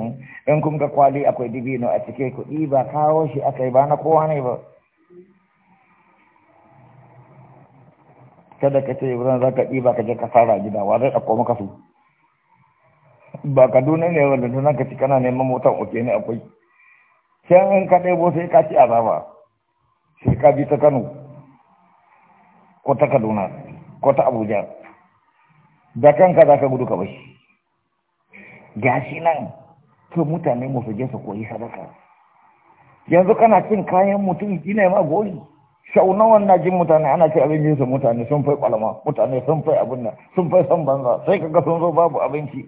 in kun ga kwali akwai dibino a cike kuɗi ba kawo shi aka yi ba na kowa ne ba kada ka ce wurin za ka ɗiba ka je ka fara gida wa zai ɗauko maka su ba ka kaduna ne wanda tana ka ci kana neman motar oke ne akwai can in ka ɗebo sai ka ci azaba sai ka bi ta kano ko ta kaduna ko ta abuja da kanka za ka gudu ka bashi ga shi nan to mutane mu su je su koyi sadaka yanzu kana cin kayan mutum shi ne ma goli sau nawa na jin mutane ana ce abin mutane sun fai kwalama mutane sun fai abin nan sun fai san banza sai kaga sun zo babu abinci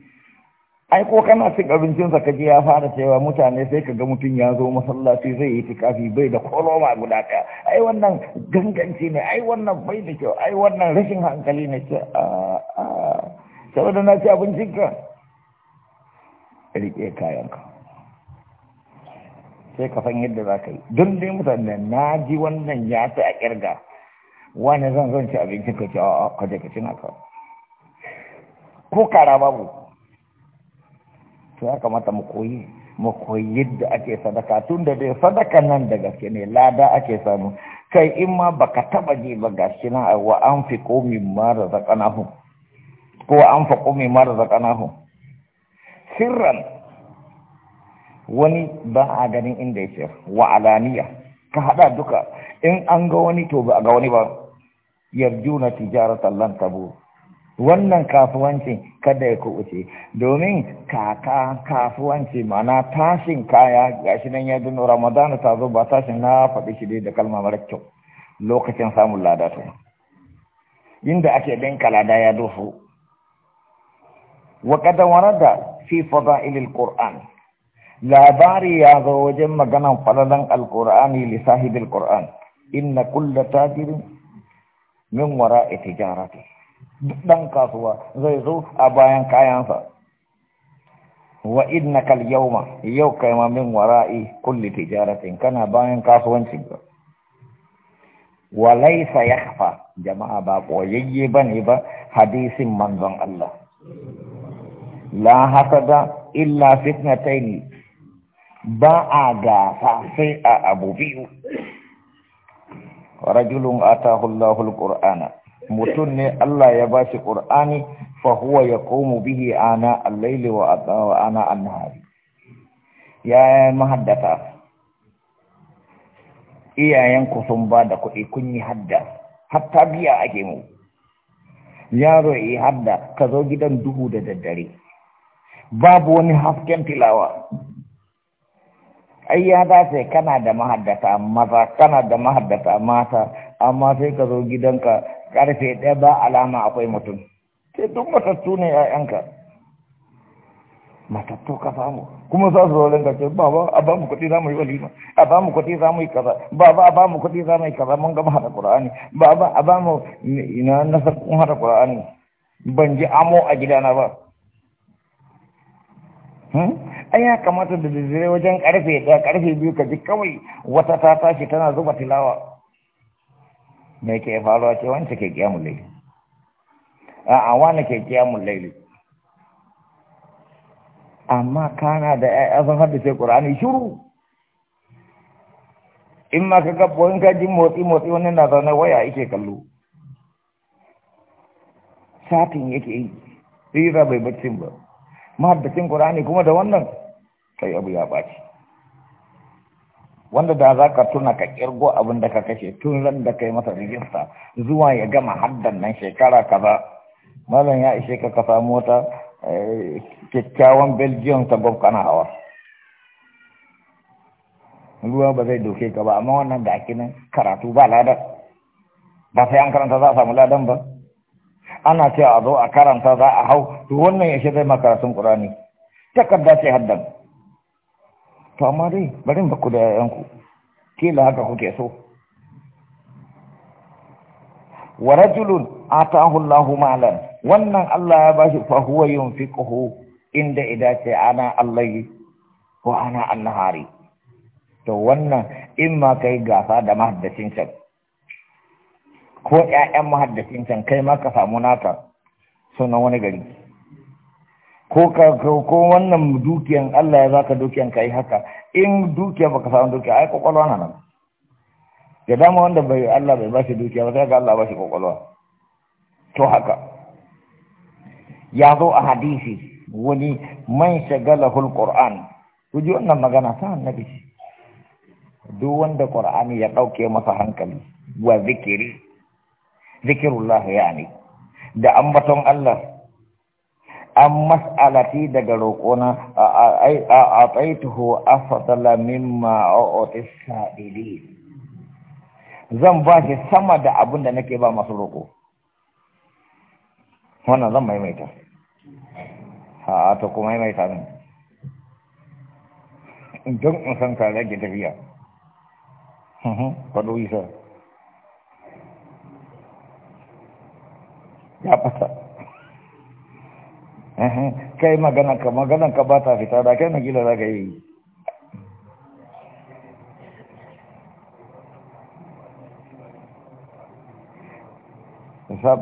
ai ko kana cin abincinsa ka kaje ya fara cewa mutane sai ka ga mutum ya zo masallaci zai yi tikafi bai da koloma guda ɗaya ai wannan ganganci ne ai wannan bai da kyau ai wannan rashin hankali ne ce a ah, ah, saboda na ci abincin ka rike kayan sai ka san yadda za ka yi don dai mutane na ji wannan ya fi a kirga wani zan zan ci abinci ka ce a ka ka ci ka ko kara babu to ya kamata mu koyi mu koyi yadda ake sadaka tun da dai sadaka nan da gaske ne lada ake samu kai in ma baka taba ji ba gaske na wa an fi komi mara hu ko an fa komi mara hu sirran wani ba a ganin inda ya ce wa alaniya ka haɗa duka in an ga wani to ba a ga wani ba yarjuna tijaratan lan tabu wannan kasuwanci kada ya kubuce domin kaka kafuwanci, mana tashin kaya gashi nan ya duno ramadana ta zo ba tashin na faɗi shi dai da kalma mara kyau lokacin samun lada to inda ake dinka lada ya dofu wa da warada fi ilil qur'an. labari ya zo wajen maganan falalan alkur'ani li sahibil qur'an inna kulla tajirin min wara'i tijarati duk dan kasuwa zai zo a bayan kayansa wa innaka al-yawma yau kaima min wara'i kulli tijaratin kana bayan kasuwancin ka wa laysa yakhfa jama'a ba koyayye bane ba hadisin manzon Allah la hasada illa fitnatayn ba a gasa sai a abu biyu rajulun atahu Qur'ana mutum ne Allah ya ba shi Qur'ani fa huwa yaqumu bihi ana al-layli wa ana an Ya ya mahaddata iyayen ku sun ba da kuɗi kun yi hadda hatta biya ake mu yaro yi hadda ka zo gidan duhu da daddare babu wani hasken tilawa ai ya dace kana da mahaddata maza kana da mahaddata mata amma sai ka zo gidanka karfe ɗaya ba alama akwai mutum sai duk matattu ne ƴaƴanka matattu ka samu kuma za su zaurin ka ce baba a ba mu kuɗi za mu yi walima a ba mu kuɗi za mu yi kaza baba a ba mu kuɗi za mu yi kaza mun gama haɗa ƙur'ani baba a ba mu ina na kun haɗa ƙur'ani ban ji amo a gidana ba Hmm? ai ya kamata da dare wajen karfe ɗaya karfe biyu ka ji kawai wata ta tashi tana zuba tilawa me ke faruwa ce wance ke kiyamun laili a wani ke kiyamun laili amma kana da ƴaƴa sun sai ƙur'ani shuru? in ma ka gabbo in ka ji motsi motsi wani na zaune waya yake kallo satin yake yi rira bai baccin ba mahaddacin Qur'ani kuma da wannan kai abu ya baci wanda da za ka tuna ka kirgo abin da ka kashe tun ran da kai masa rijista zuwa ya gama haddan nan shekara kaza malam ya ishe ka ka samu wata eh, kyakkyawan belgium ta gwab kana hawa ruwa ba zai doke ka ba amma wannan da ake nan karatu ba ladan ba sai an karanta za a samu ladan ba ana cewa a zo a karanta za a hau to wannan yashe zai makaratun ƙurani takarda ce haddan to amma dai bari ba ku da yayanku kila haka kuke so wa rajulun atahu Allahu malan wannan Allah ya bashi fa huwa yunfiquhu inda ce ana Allah ko ana annahari to wannan in ma kai gasa da mahaddacin can ko ƴaƴan muhaddisin can kai ma ka samu naka sunan wani gari ko ka ko wannan dukiyan Allah ya zaka dukiyan kai haka in dukiya baka samu dukiya ai kokolwa na nan da dama wanda bai Allah bai bashi dukiya ba sai ga Allah bashi kokolwa to haka ya zo a hadisi wani man shagalahul qur'an kuji wannan magana ta annabi duk wanda qur'ani ya dauke masa hankali wa zikiri zikirullah ne da ambaton Allah an mas'alati daga roƙona a tsaituhu afdala mimma a'ti sa'ili zan ba shi sama da abin da nake ba masu roƙo wannan zan maimaita a to kuma maimaita ne don in san ka rage tafiya faɗo isa ya fata kai magana ka magana ka ba ta fita da kai na gila za ka yi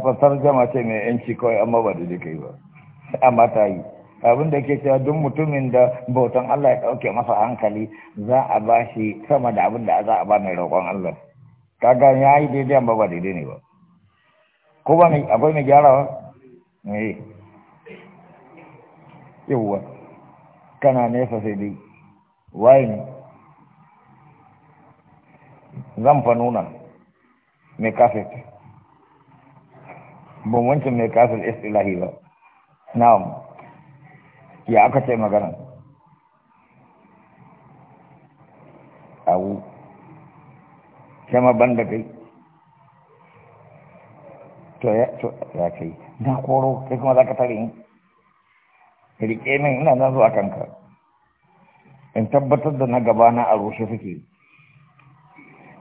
fasar jama ce mai yanci kawai amma ba da jikai ba amma ta yi abin da ke cewa duk mutumin da bautan Allah ya ɗauke masa hankali za a ba shi sama da abin da za a ba mai roƙon Allah kaga ya yi daidai amma ba daidai ne ba ko ba mai akwai mai gyarawa ne eh. yawwa kana nesa sai dai waye ne zan fa nuna mai kafet bambancin mai kafet istilahi ba na'am ya aka ce magana abu Kama ban da kai to ya to ya kai na koro kai kuma zaka tare ni rike min ina nan zuwa kanka in tabbatar da na gaba na a rushe suke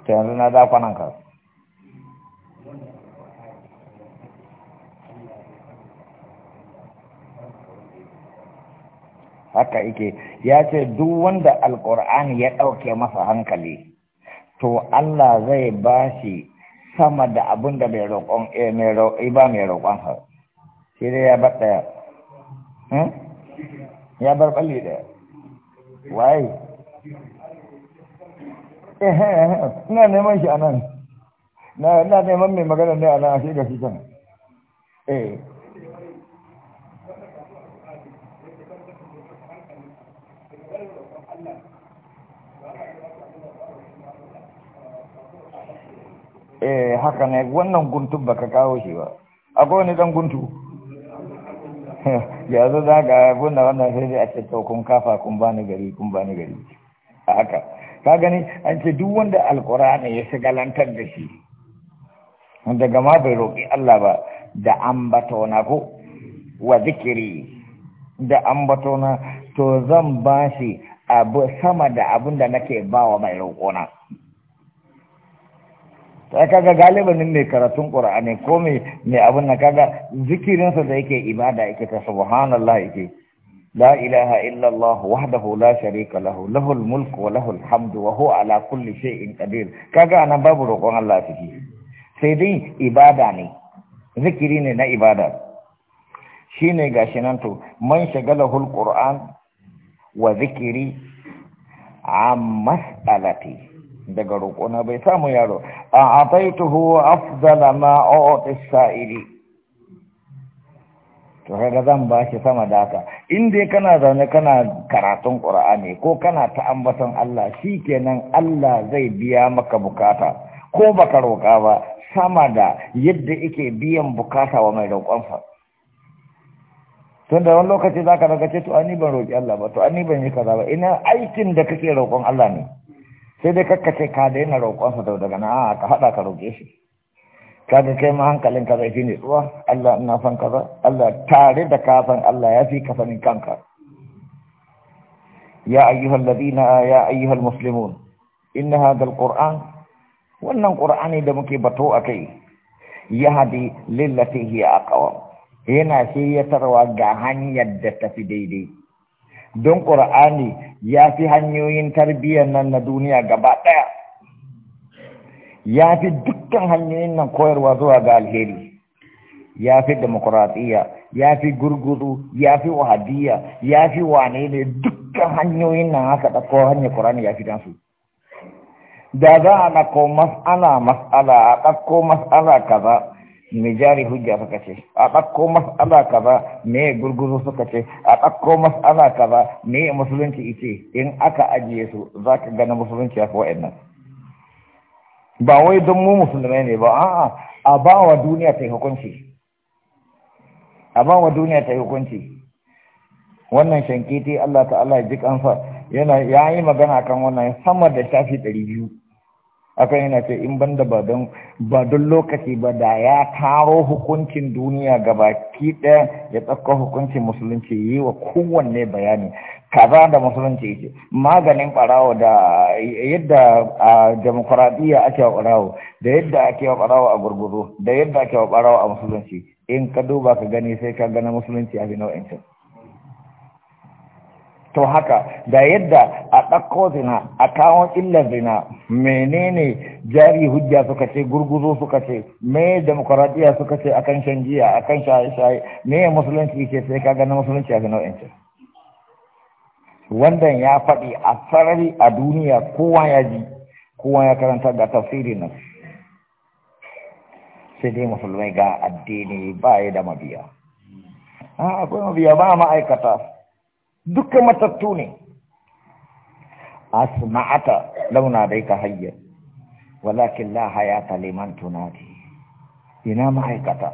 ta yanzu na za nan ka haka yake ya ce duk wanda alkur'ani ya ɗauke masa hankali to Allah zai ba shi sama da abin da mai roƙon eh, eh, ba mai roƙon ha shi dai ya bar ɗaya hmm? ya bar ɓalli ɗaya waye ina neman shi a nan na neman mai magana ne a nan a shi ga shi can eh eh haka ne wannan guntun baka kawo shi ba akwai wani dan guntu zo za ga abin da wannan sai dai a ce to kun kafa kun bani gari kun bani gari haka ka gani an ce duk wanda alkur'ani ya lantar da shi daga ma bai roƙi Allah ba da ambatona ko wa zikiri da ambatona to zan ba shi sama da abin da nake ba wa mai roƙona ta kaga galibanin mai karatun qur'ani ko mai abin na kaga zikirinsa da yake ibada yake ta subhanallah yake la ilaha illallah wahdahu la sharika lahu lahul mulku wa lahul hamdu wa huwa ala kulli shay'in qadir kaga anan babu roƙon Allah ciki sai dai ibada ne zikiri ne na ibada shine gashi nan to man shagalahu alquran wa zikiri a mas'alati daga roƙona bai samu yaro a huwa afdala ma uti sa'ili to kaga zan ba shi sama da haka in dai kana zaune kana karatun qur'ani ko kana ta ambaton Allah shikenan Allah zai biya maka bukata ko baka roƙa ba sama da yadda yake biyan bukata wa mai roƙonsa tunda wani lokaci zaka daga ce to ani ban roƙi Allah ba to ani ban yi kaza ba ina aikin da kake roƙon Allah ne sai dai kakkace ka daina roƙonsa da daga na ka haɗa ka roƙe shi kaga kai ma hankalin ka zai fi ne tsuwa Allah ina son kaza Allah tare da kafan Allah ya fi ka sanin kanka ya ayyuhal ladina ya ayyuhal muslimun inna hadal qur'an wannan qur'ani da muke bato akai yahdi lillati hiya aqwam yana shi ya tarwa ga hanyar da tafi daidai don ƙur'ani ya fi hanyoyin tarbiyyar nan na duniya gaba ɗaya ya fi dukkan hanyoyin nan koyarwa zuwa ga alheri ya fi demokuraɗiyya ya fi gurgudu ya fi wahadiyya ya fi wane ne dukkan hanyoyin nan haka ɗauko hanyar ƙur'ani ya fi dansu da za a ɗauko mas'ala mas'ala a ɗauko mas'ala kaza me jari hujja suka ce a ɗakko mas'ala kaza me gurguzu suka ce a ɗakko mas'ala kaza me musulunci ice in aka ajiye su za ka gani musulunci ya fi ba wai don mu musulmai ne ba a'a a ba duniya ta hukunci a ba duniya ta hukunci wannan shankiti Allah ta'ala ya ji kansa yana ya yi magana kan wannan sama da shafi ɗari biyu akan yana ce in ban da ba don lokaci ba da ya taro hukuncin duniya baki ɗaya ya tsakko hukuncin musulunci yi wa kowanne bayani kaza da musulunci yake maganin ɓarawo da yadda a demokuraɗiyya ake wa ɓarawo da yadda ake wa ɓarawo a gurguzu da yadda ake wa ɓarawo a musulunci in ka duba ka gani sai ka gana musulunci a fi nau'in to haka da yadda a ɗakko zina a kawo illar zina menene jari hujja suka ce gurguzo suka ce me demokuraɗiyya suka ce akan shan giya akan shaye-shaye me musulunci ce sai ka musulunci a gano yancin wannan ya faɗi a sarari a duniya kowa ya ji kowa ya karanta ga tafsirin nan sai dai musulmai ga addini ba ya da mabiya ah, akwai mabiya ba ma'aikata duka matattu ne asma'ata launa dai ka hayyar walakin la hayata liman tunadi ina ma'aikata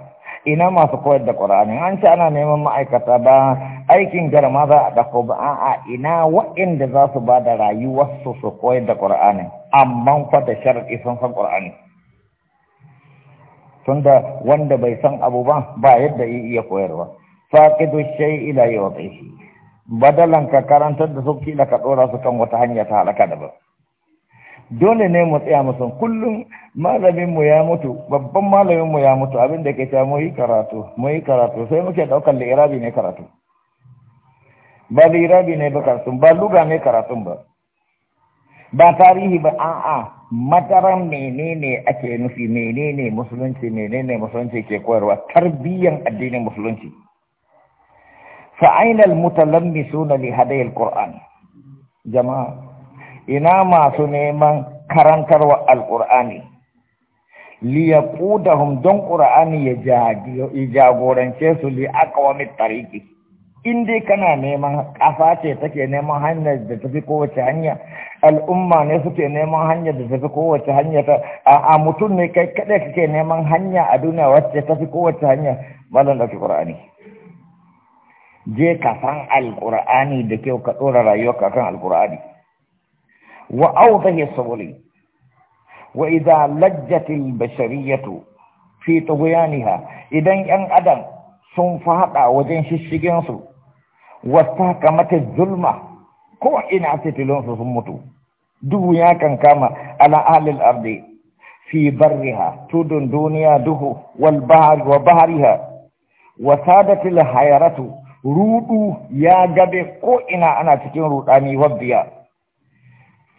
ina masu koyar da ƙur'ani an ce ana neman ma'aikata ba aikin garma za a ɗako ba a'a ina waɗanda za su ba da rayuwar su koyar da ƙur'ani amma fa da sharaɗi sun san ƙur'ani tunda wanda bai san abu ba ba yadda iya koyarwa faqidu shay'i la yuqihi badalan ka karantar da sauki da ka ɗora su kan wata hanya ta halaka ba. dole ne mu tsaya musu kullum malaminmu ya mutu babban mu ya mutu abin da ke ta mu yi karatu mu yi karatu sai muke daukar lirabi ne karatu ba lirabi ne ba karatu ba luga ne karatun ba ba tarihi ba a'a madaran menene ake nufi menene musulunci menene musulunci ke koyarwa tarbiyyan addinin musulunci fa’ainal al-mutalammi suna li hadayil ƙur’an jama’a ina masu neman karantarwa al’ur’ani li ya ƙudahun don ƙur’ani ya jagorance su li aka wa mittariki inda kana neman ƙasa ce take neman hanyar da ta fi kowace hanya al’umma ne suke neman hanyar da ta fi kowace hanya ta a mutum ne kai kaɗai suke neman hanya a duniya wacce ta fi kowace hanya malar da fi ƙura'ani je ka san alƙur'ani da kyau ka ɗora rayuwarka kan alƙur'ani wa ya sauri. wa idza lajjatil bashariyatu fi tughyaniha idan yan adam sun fada wajen shishigin su wasta kamata zulma ko ina fitilun su sun mutu duhu ya kankama. kama ala ahlil ardi fi barriha tudun duniya duhu wal bahr wa bahriha wa sadatil hayaratu rudu ya gabe ko ina ana cikin rudani wabbiya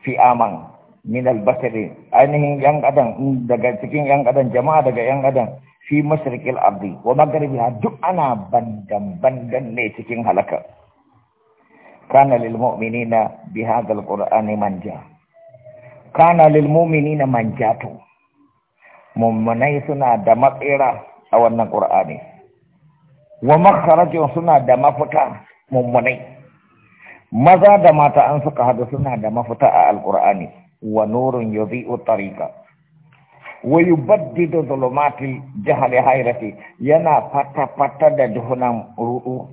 fi aman min albasari ainihin yan adam daga cikin yan adam jama'a daga yan adam fi masharikil abdi wa ha duk ana bandan bandan ne cikin halaka kana lil mu'minina bi hadha manja kana lil mu'minina manjatu mummunai suna da matsira a wannan qur'ani wa makharajin suna da mafita mummunai maza da mata an suka hadu suna da mafita a alqur'ani wa nurun yudhi'u tariqa wa yubaddidu dhulumati jahli hayrati yana fata fata da duhunan ru'u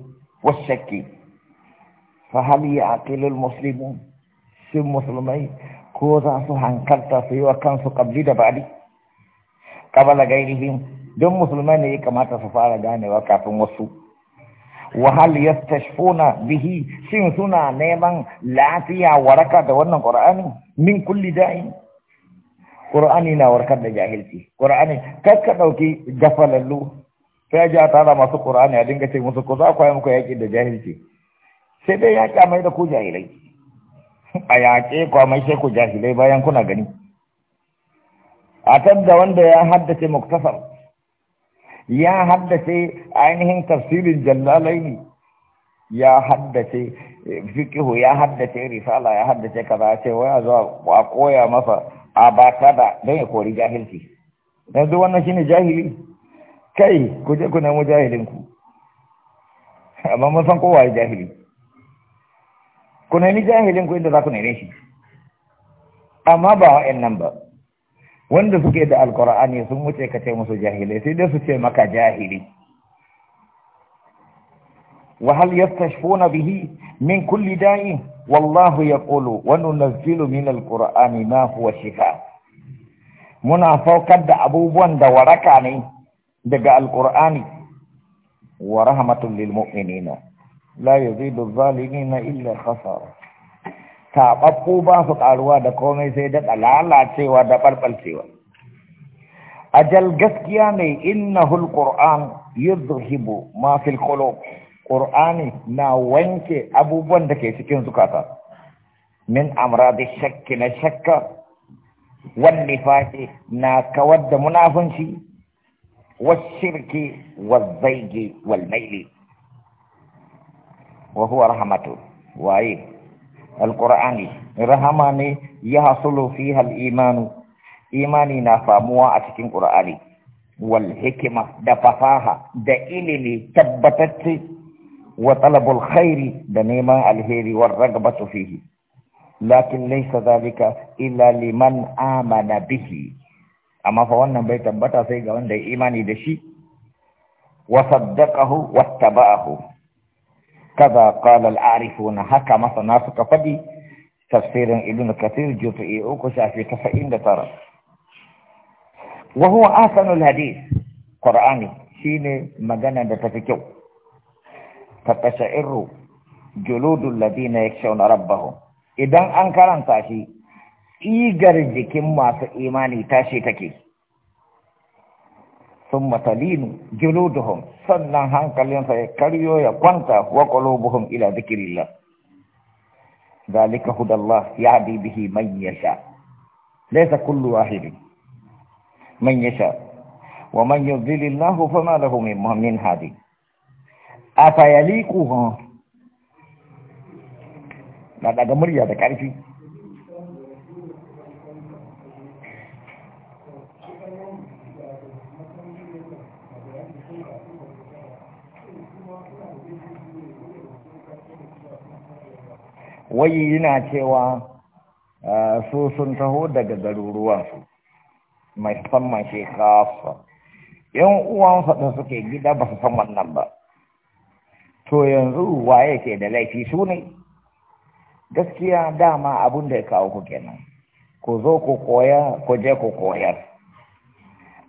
shakki fa hal ya'qilul muslimun shin musulmai ko za su hankalta su yi wa kansu kabli da ba'di qabala ghayrihim don musulmai ne ya kamata su fara ganewa kafin wasu wahal yastashfuna bihi shin suna neman lafiya waraka da wannan qur'ani min kulli da'in qur'ani na warkar da jahilci qur'ani ka dauki gafalallu sai ja tara masu qur'ani a dinga ce musu ko za ku muku yaki da jahilci sai dai ya kyamai da ku jahilai a yaƙe ku mai sai ku jahilai bayan kuna gani a da wanda ya haddace muktasar ya haddace ainihin tafsirin jallalaini ya haddace fikihu ya haddace risala ya haddace kaza ce waya zuwa a koya masa a ba da don ya kori jahilci don wannan wannan shine jahili kai ku je ku nemo jahilinku amma mun san kowa ya jahili ku nemi jahilinku inda za ku nene shi amma ba nan ba wanda suke da alkur'ani sun wuce ka ce musu jahilai sai dai su ce maka jahili wa hal yastashfuna bihi min kulli da'in wallahu yaqulu wa nunazzilu min alqur'ani ma huwa shifa muna saukar da abubuwan da waraka ne daga alqur'ani wa rahmatul lil mu'minina la yazidu adh-dhalimina illa khasara taɓaɓɓu ba su ƙaruwa da komai sai daɗa lalacewa da ɓarɓalcewa ajal gaskiya ne innahul qur'an yuzhibu ma fil qulub qur'ani na wanke abubuwan da ke cikin zukata min amradi shakki na shakka wan nifaqi na kawar da munafunci was shirki was zaygi wal maili wa huwa rahmatu wa alqur'ani rahama ne ya hasulu fiha al-imanu imani na famuwa a cikin qur'ani wal hikima da fasaha da ilimi tabbatacce wa talabul khairi da neman alheri war ragbatu fihi lakin laysa dhalika illa liman amana bihi amma fa wannan bai tabbata sai ga wanda ya imani da shi wa saddaqahu wattaba'ahu kaza qala al-arifuna haka masana suka fadi tafsirin ibn kathir juz'i uku shafi 99 wa huwa ahsanul hadith qur'ani shine magana da tafi kyau fatashairu juludul ladina yakshawna rabbahum idan an karanta shi igar jikin masu imani tashi take ثم تلين جلودهم سنة هنكلين فيكريو يقوانتا وقلوبهم إلى ذكر الله ذلك هدى الله يعدي به من يشاء ليس كل واحد من يشاء ومن يضلل الله فما له من من هادي أفيليكه لا يا ذكر فيه wai yana cewa ah, su sun taho daga garuruwansu musamman shi kafa yan uwan da suke gida ba su san wannan ba to yanzu waye ke da laifi su ne gaskiya dama abin da ya kawo ku kenan ku zo ku koya ku je ku koyar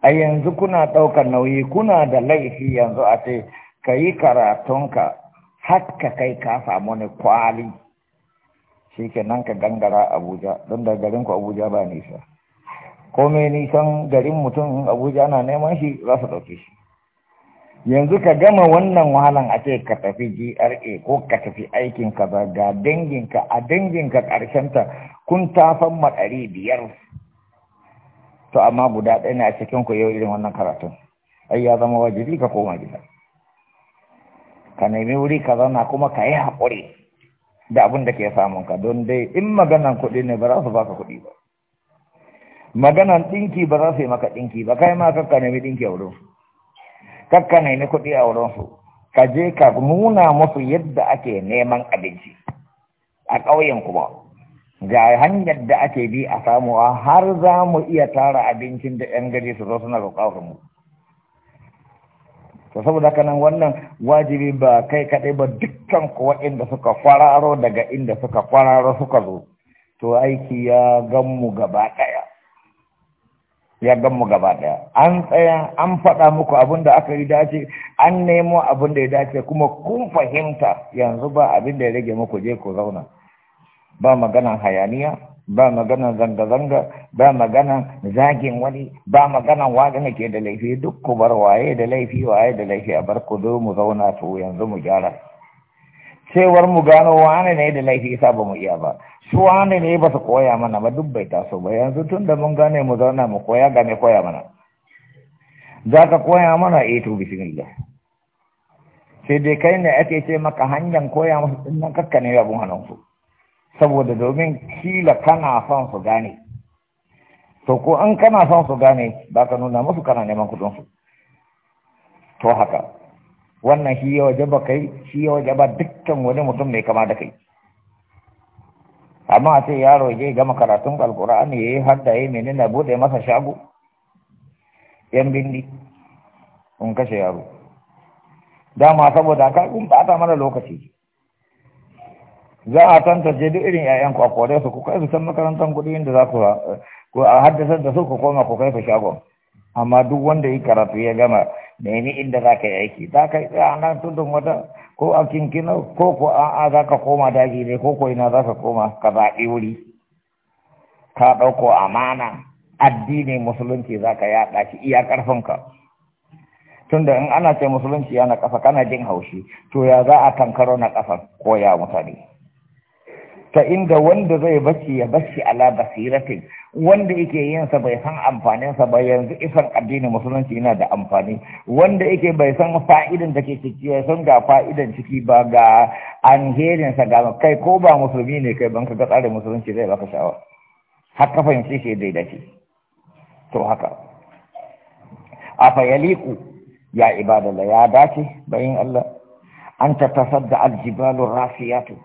a yanzu kuna ɗaukar nauyi kuna da laifi yanzu a ce ka yi karatunka har ka kai ka samu ni kwali shi ke nan ka gangara abuja don da garin ku abuja ba nisa komai nisan garin mutum abuja na neman shi za su ɗauke shi yanzu ka gama wannan wahalan a ce ka tafi GRA ko ka tafi aikin ka ba ga danginka a danginka ta kun tafan maɗari biyar to amma guda ɗaya ne a cikin ku yau irin wannan karatun ai ya zama wajibi ka koma gida ka nemi wuri ka zauna kuma ka yi haƙuri da abin da ke samun ka don dai in maganan kuɗi ne ba za su baka kuɗi ba maganan ɗinki ba za su yi maka ɗinki ba kai ma kakka mai ɗinki a wurin kakka ni kuɗi a wurin su ka je ka nuna musu yadda ake neman abinci a ƙauyen kuma ga hanyar da ake bi a samuwa har za mu iya tara abincin da 'yan gari su zo suna roƙa mu to saboda haka nan wannan wajibi ba kai kaɗai ba dukkan ku waɗanda suka fararo daga inda suka fararo suka zo to aiki ya gammu gaba ɗaya ya gaba ɗaya an tsaya an faɗa muku abin da aka yi dace an nemo abin da ya dace kuma kun fahimta yanzu ba abin da ya rage muku je ku zauna ba maganan hayaniya ba magana zanga-zanga ba magana zagin wani ba magana wani ne ke da laifi duk ku bar waye da laifi waye da laifi a bar ku zo mu zauna to yanzu mu gyara cewar mu gano wani ne da laifi sa ba mu iya ba su wani ne ba su koya mana ba duk bai taso ba yanzu tun da mun gane mu zauna mu koya ga koya mana za ka koya mana eh to bismillah sai dai kai ne ake ce maka hanyar koya musu din nan kakka ne abun saboda domin kila kana son su gane to ko an kana son su gane ba ka nuna musu kana neman su to haka wannan shi ya waje kai shi ya waje dukkan wani mutum mai kama da kai amma sai yaro ya gama karatun alkur'ani ya yi har da ya yi menene bude masa shago yan bindi in kashe yaro dama saboda ka kun bata mana lokaci za a tantance duk irin ƴaƴan ku a kore su ku kai su san makarantar kuɗi inda za ku ku a haddasar da su ku koma ku kai su shagon amma duk wanda yi karatu ya gama nemi inda za ka yi aiki za ka yi a nan tudun wata ko a kinkina ko ko a'a za ka koma daji ne ko ko ina za ka koma ka zaɓi wuri ka ɗauko amana addini musulunci za ka yaɗa shi iya ƙarfinka tunda in ana ce musulunci yana ƙasa kana jin haushi to ya za a tankaro na ƙasa ko ya mutane ta inda wanda zai bacci ya bacci ala basiratin wanda yake yin sa bai san amfanin sa ba yanzu isan addinin musulunci yana da amfani wanda yake bai san fa'idan da ke ciki ya san ga fa'idan ciki ba ga alherin sa ga kai ko ba musulmi ne kai ban ka ga tsarin musulunci zai baka sha'awa har fahimci shi dai da shi to haka a fayaliku ya ibadallah ya dace bayin Allah an ta tasadda aljibalu rasiyatu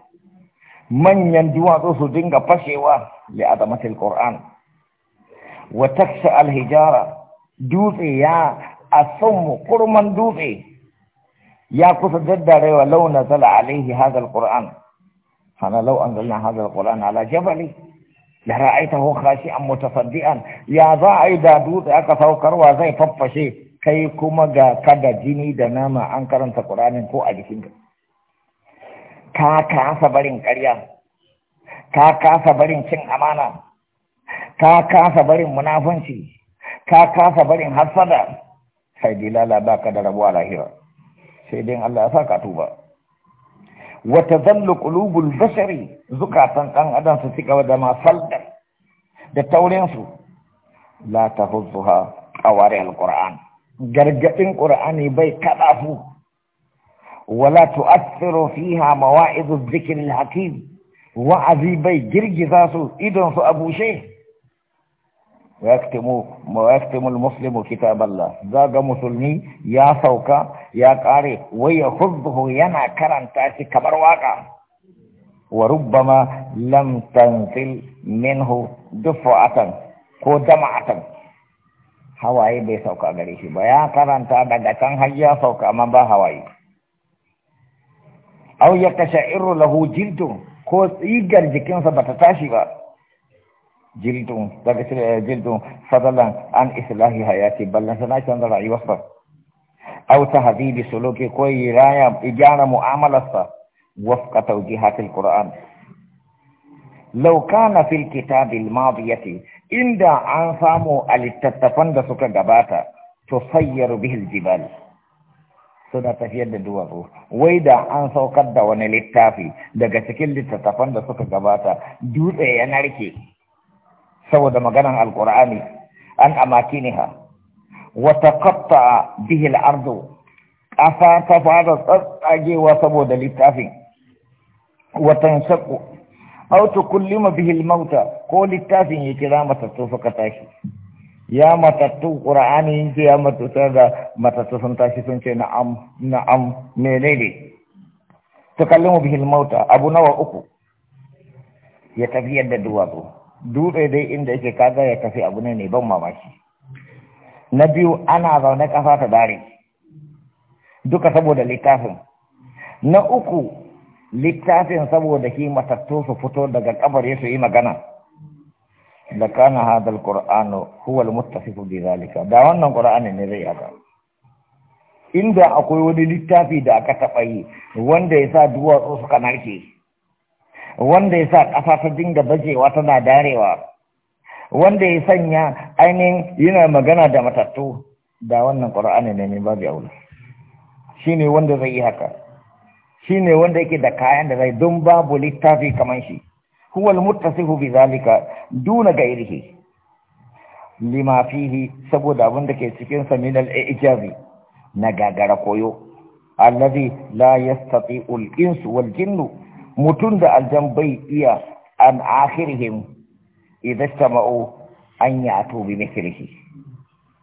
manyan duwatsu su dinga fashewa li adamatil qur'an wa taksa al hijara dutse ya mu kurman dutse ya kusa daddarewa launa zala alaihi hadha al qur'an hana law anzalna hadha al qur'an ala jabali la ra'aytahu khashi'an mutasaddian ya za a yi da dutse aka saukarwa zai faffashe kai kuma ga kada jini da nama an karanta qur'anin ko a jikinka ka kasa barin ƙarya ka kasa barin cin amana ka kasa barin munafunci ka kasa barin hasada sai dilala baka da rabuwa lahira sai dai Allah ya saka tuba wa tazallu qulubul bashari zukatan dan adam su cika da mafalda da taurin su la tahuzzuha qawari alquran gargadin qur'ani bai kada ولا تؤثر فيها مواعظ الذكر الحكيم وعذي بي جرجزاسو إذن فأبو شيخ ويكتم ويكتم المسلم كتاب الله ذاق مسلمي يا سوكا يا قاري ويخذه ينا كران تاسي كبر واقع وربما لم تنزل منه دفعة ko jama'atan hawaye bai sauka gare shi ba ya karanta daga can har ya sauka aw yakasha'iru lahu jildun ko tsigar jikinsa bata tashi ba jildun daga eh, jildun fadalan an islahi hayati ballan sana canza rayuwarsa aw tahdhibi suluki ko yiraya ijara mu'amalarsa wafqa tawjihatil qur'an law kana fil kitabil madiyati inda an samu alittattafan da suka gabata tusayyaru bihil jibal suna tafiyar da duwatsu wai da an saukar da wani littafi daga cikin littattafan da suka gabata dutse ya narke saboda maganan alkur'ani an amakiniha wata katta bihil ardu ƙasa ta fara tsatsagewa saboda littafin watan shaƙo auto kullima bihil mauta ko littafin ya kira mata to suka tashi ya matattu ƙura'ani ce ya matattu da matattu sun tashi sun ce na'am na'am menene ta kallon bihil mauta abu nawa uku ya tafi yadda duwatsu dutse dai inda yake kaga ya tafi abu ne ne ban mamaki na biyu ana zaune kafa ta dare duka saboda littafin na uku littafin saboda shi matattu su fito daga kabar su yi magana da kana hadal qur'anu huwa al bi zalika da wannan qur'ani ne zai haka inda akwai wani littafi da aka taɓa yi wanda ya sa duwatsu suka narke wanda ya sa ta dinga bajewa tana darewa wanda ya sanya ainihin yana magana da matattu da wannan qur'ani ne ne babu aula shi wanda zai yi haka shi wanda yake da kayan da zai don babu littafi kamar shi هو المتصف بذلك دون غيره لما فيه سبب ابن دكي cikin sa min al-ijabi na gagara koyo allazi la yastati'u al mutum wal mutun da aljan iya an akhirihim idza tama'u an ya'tu bi mithlihi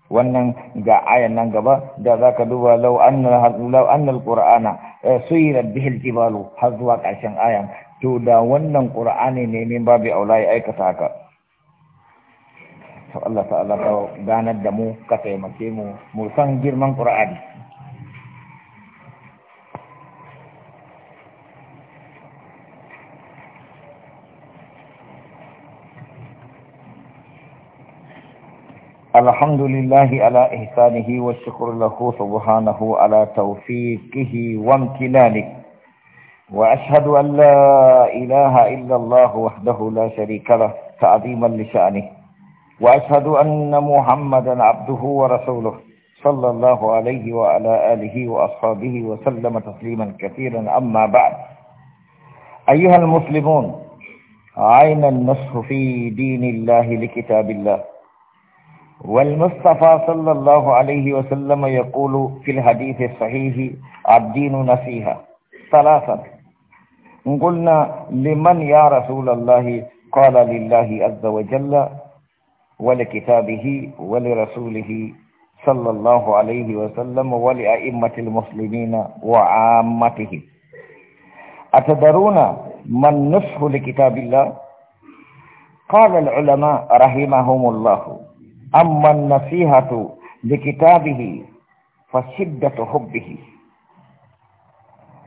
wannan ga ayan nan gaba da zaka duba law anna law anna al-qur'ana suyira bihi al-jibalu ka shan ayan to da wannan ƙura'ani ne min babu aula ya aikata haka to Allah ta'ala ka ganar da mu ka taimake mu mu san girman ƙura'ani الحمد لله على إحسانه والشكر له سبحانه على توفيقه وامتنانه وأشهد أن لا إله إلا الله وحده لا شريك له تعظيما لشأنه وأشهد أن محمدا عبده ورسوله صلى الله عليه وعلى آله وأصحابه وسلم تسليما كثيرا أما بعد أيها المسلمون عين النصح في دين الله لكتاب الله والمصطفى صلى الله عليه وسلم يقول في الحديث الصحيح الدين نصيحة ثلاثة قلنا لمن يا رسول الله قال لله عز وجل ولكتابه ولرسوله صلى الله عليه وسلم ولأئمة المسلمين وعامتهم أتدرون من نصف لكتاب الله قال العلماء رحمهم الله أما النصيحة لكتابه فشدة حبه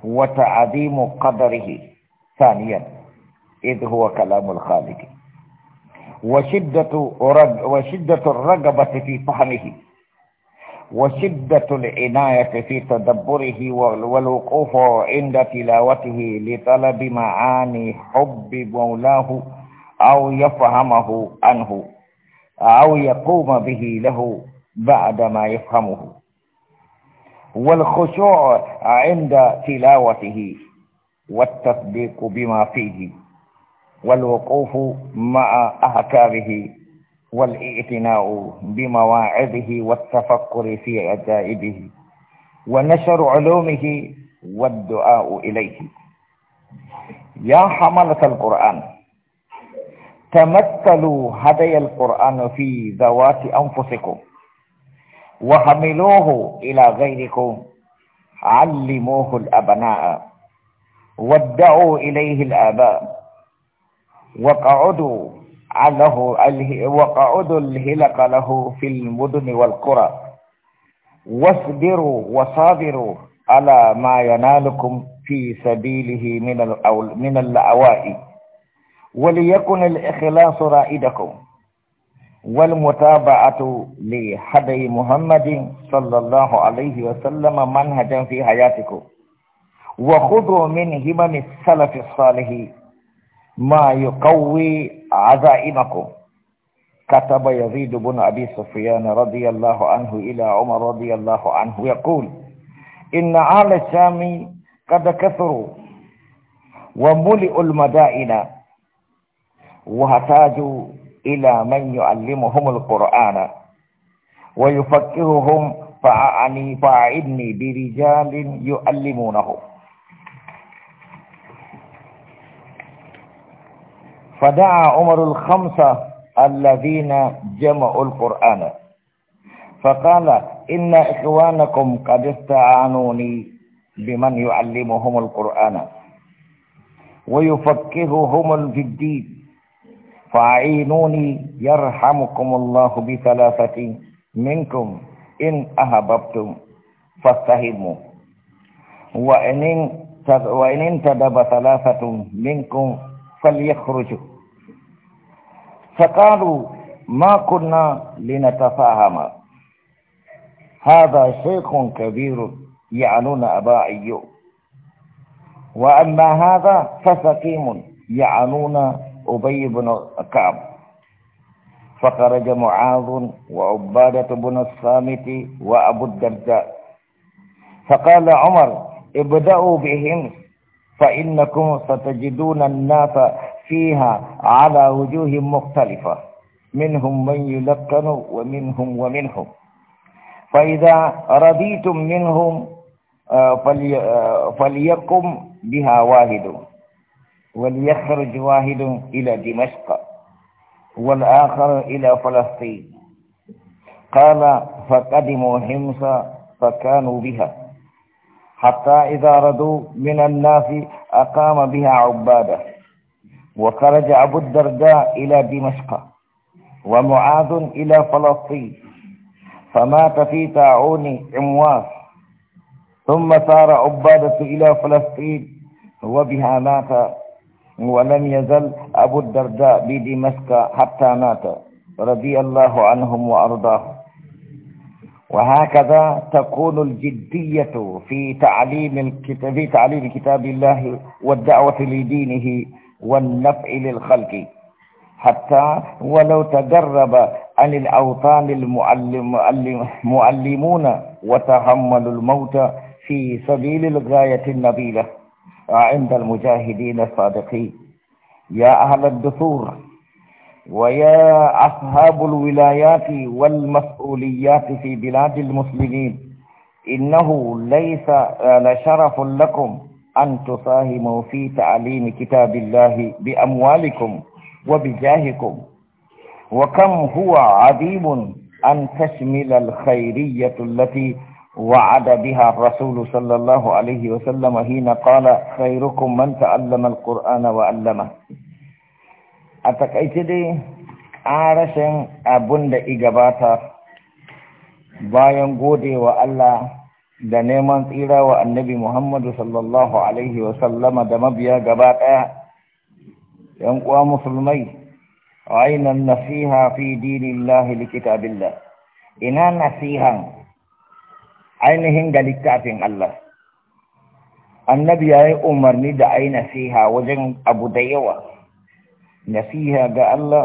وتعظيم قدره ثانيا إذ هو كلام الخالق وشدة, رج وشدة الرغبة في فهمه وشدة العناية في تدبره والوقوف عند تلاوته لطلب معاني حب مولاه أو يفهمه عنه أو يقوم به له بعد ما يفهمه والخشوع عند تلاوته والتصديق بما فيه والوقوف مع أحكامه والإئتناء بمواعظه والتفكر في عجائبه ونشر علومه والدعاء إليه يا حملة القرآن تمثلوا هدي القرآن في ذوات أنفسكم وحملوه إلى غيركم علموه الأبناء ودعوا إليه الآباء وقعدوا عليه وقعدوا الهلك له في المدن والقرى واصبروا وصابروا على ما ينالكم في سبيله من الأول من الأوائي وليكن الإخلاص رائدكم والمتابعة لهدي محمد صلى الله عليه وسلم منهجا في حياتكم وخذوا من همم السلف الصالح ما يقوي عزائمكم كتب يزيد بن أبي سفيان رضي الله عنه إلى عمر رضي الله عنه يقول إن آل الشام قد كثروا وملئوا المدائن وهتاجوا إلى من يعلمهم القرآن ويفكرهم فأعني فأعني برجال يعلمونه فدعا عمر الخمسة الذين جمعوا القرآن فقال إن إخوانكم قد استعانوني بمن يعلمهم القرآن ويفكرهم في الدين فاعينوني يرحمكم الله بثلاثة منكم إن أهببتم فاستهموا وإن وإن انتدب ثلاثة منكم فليخرجوا فقالوا ما كنا لنتفاهم هذا شيخ كبير يعنون أبا أيوب وأما هذا فسقيم يعنون أبي بن كعب فخرج معاذ وعبادة بن الصامت وأبو الدرداء فقال عمر ابدأوا بهم فإنكم ستجدون الناس فيها على وجوه مختلفة منهم من يلقن ومنهم ومنهم فإذا رضيتم منهم آه، آه، فليقم بها واحد وليخرج واحد إلى دمشق والآخر إلى فلسطين قال فقدموا حمص فكانوا بها حتى إذا ردوا من الناس أقام بها عبادة وخرج أبو الدرداء إلى دمشق ومعاذ إلى فلسطين فمات في طاعون عمواس ثم سار عبادة إلى فلسطين وبها مات ولم يزل أبو الدرداء بدمشق حتى مات رضي الله عنهم وأرضاه وهكذا تكون الجدية في تعليم الكتاب في تعليم كتاب الله والدعوة لدينه والنفع للخلق حتى ولو تجرب عن الأوطان المعلم المعلمون وتحملوا الموت في سبيل الغاية النبيلة عند المجاهدين الصادقين يا أهل الدثور ويا أصحاب الولايات والمسؤوليات في بلاد المسلمين إنه ليس آه، لشرف لكم أن تساهموا في تعليم كتاب الله بأموالكم وبجاهكم وكم هو عظيم أن تشمل الخيرية التي وعد بها الرسول صلى الله عليه وسلم حين قال خيركم من تعلم القرآن وعلمه أتكأيت دي عارشن أبن دا bayan gode wa Allah da neman tsira wa annabi Muhammadu sallallahu Alaihi wasallama da mabiya gaba ɗaya, ‘yan uwa musulmai, ainihin nasiha fi dinin lahi likita billah, ina nasihan ainihin ga littafin Allah annabi ya yi umarni da ai nasiha wajen abu da yawa nasiha ga Allah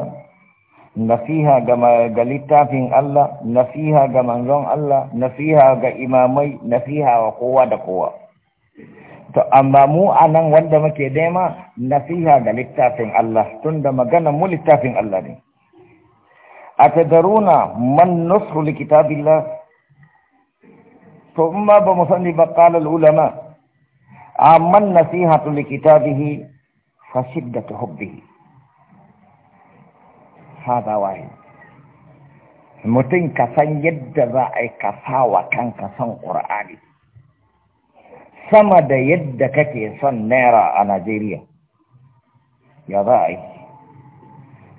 nasiha ga littafin Allah nasiha ga manzon Allah nasiha ga imamai nasiha wa kowa da kowa to amma mu a nan wanda muke nema nasiha ga littafin Allah tunda magana mu littafin Allah ne tadaruna man nusru likitabillah ثم بمصنف قال العلماء آمن نصيحة لكتابه فشدة حبه هذا واحد متن كسن يد رأي كساوة كان كسن قرآني سمد يد كتي سن نيرا نيجيريا يا رأي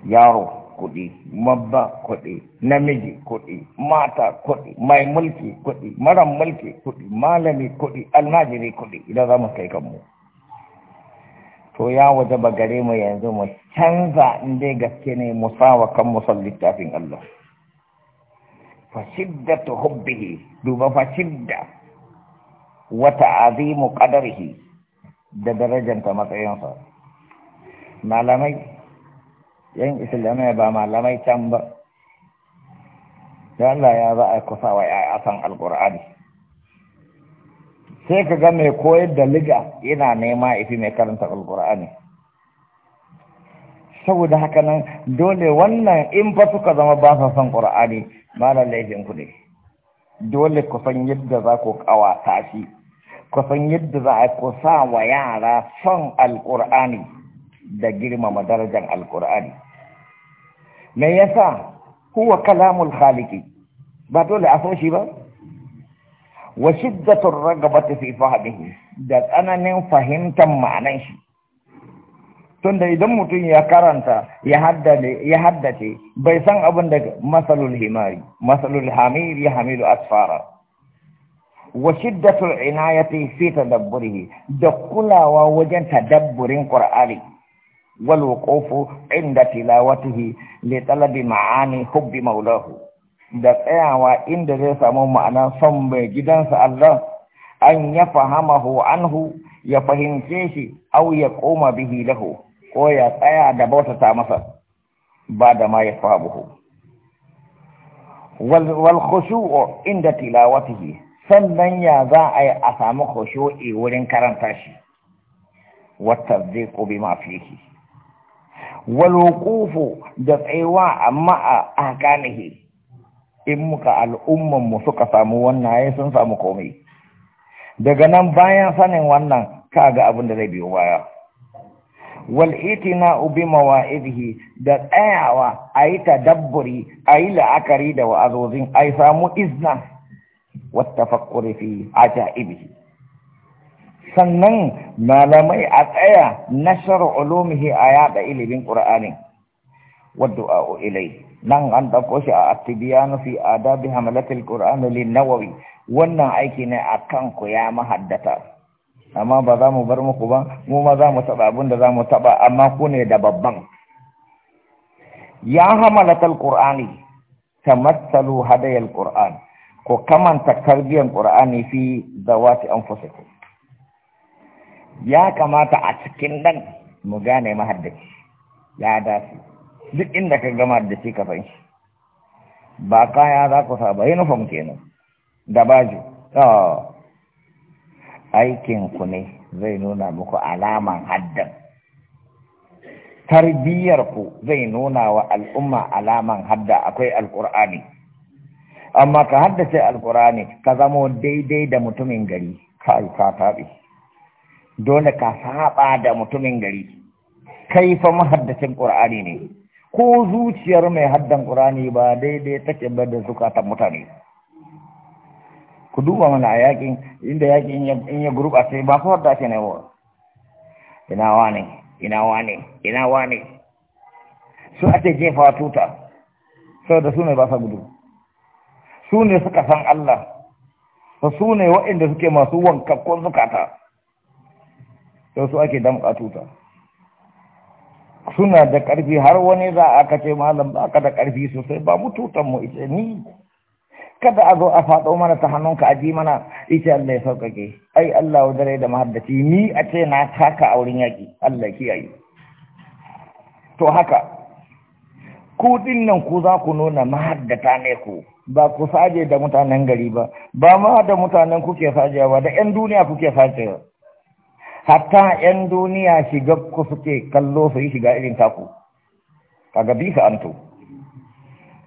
يا روح kuɗi mabba kuɗi namiji kuɗi mata kuɗi mai mulki kuɗi mara mulki kuɗi malami kuɗi almajiri kuɗi idan za mu kai kanmu to ya waje ba gare mu yanzu mu canza in gaske ne mu sawa kan mu littafin Allah fa shiddatu hubbihi duba fa shidda wa kadarhi qadarihi da darajanta matsayinsa malamai yan islamai ba malamai can ba Allah ya za a kusa wa ya'ya alkur'ani sai ka ga mai koyar da liga yana nema ifi mai karanta alkur'ani saboda haka nan dole wannan in fa suka zama ba sa son qur'ani malam laifin ku dole ku san yadda za ku kawata shi ku san yadda za a kusa wa yara son alkur'ani da girmama darajar alkur'ani me yasa huwa kalamul khaliqi ba dole a so shi ba wa shiddatur ragabati fi fahmihi da tsananin fahimtar ma'anan shi tunda idan mutum ya karanta ya haddace ya haddace bai san abin da masalul himari masalul hamir ya hamilu asfara wa shiddatul inayati fi tadabburihi da kulawa wajen tadabburin qur'ani inda tilawatihi li talabi ma'ani hubbi maulahu da tsayawa inda zai samu ma'ana son mai gidansa Allah an ya fahamahu anhu ya fahimce shi au ya koma bihi lahu ko ya tsaya da bautata masa ba da ma ya fahimuhu wal khushu' inda tilawatihi sannan ya za a yi a samu khushu'i wurin karanta shi wa tasdiqu bima fihi walwuqufu da tsayuwa amma a akanihi in muka al'umman mu suka samu wannan sun samu komai daga nan bayan sanin wannan ga abin da zai biyo baya wal ubi mawa mawa'idihi da tsayawa ayi tadabburi ayi la'akari da wa'azozin ai samu izna wa a fi ajaibihi sannan malamai a tsaya na shar'ulomihi a yada ilimin qur'ani. wadda a ilai nan an ɗauko shi a atibiyanu fi adabi hamalatul ƙura'anu lin nawawi wannan aiki ne a kan ku ya mahaddata amma ba za mu bar muku ba mu ma za mu taɓa abin da za mu taɓa amma ku ne da babban ya hamalatul qur'ani ta matsalu hadayar ƙura'an ko kamanta karbiyan qur'ani fi zawati anfusakum ya kamata a cikin dan mu gane mahaddaci ya dace duk inda ka gama da shi ka fanshi ba kaya za ku saba uniform kenan da baju aikin ku ne zai nuna muku alaman haddan tarbiyyar ku zai nuna wa al'umma alaman hadda akwai alqur'ani amma ka haddace alqur'ani ka zamo daidai da mutumin gari kai ka tabi dole ka saba da mutumin gari kai fa mahaddacin qur'ani ne ko zuciyar mai haddan qur'ani ba daidai take ba da zukatan mutane ku duba mana a yakin inda yakin in ya gurba sai ba kawar da ake ne wa ina wane ina wane ina wane su ake jefa tuta da su ne ba sa gudu su ne suka san Allah su ne wa'inda suke masu wankakkun zukata to su ake damƙa tuta suna da ƙarfi har wani za a kace malam ba ka da ƙarfi sosai ba mu tutan mu ita ni kada a zo a faɗo mana ta hannunka a ji mana ita Allah ya sauƙaƙe ai Allah wa dare da mahaddaci ni a ce na taka a wurin yaƙi Allah kiyaye to haka ku din nan ku za ku nuna mahaddata ne ku ba ku saje da mutanen gari ba ba ma da mutanen kuke sajewa da 'yan duniya kuke sajewa hatta ƴan duniya shiga ku suke kallo su yi shiga irin taku kaga bi ka anto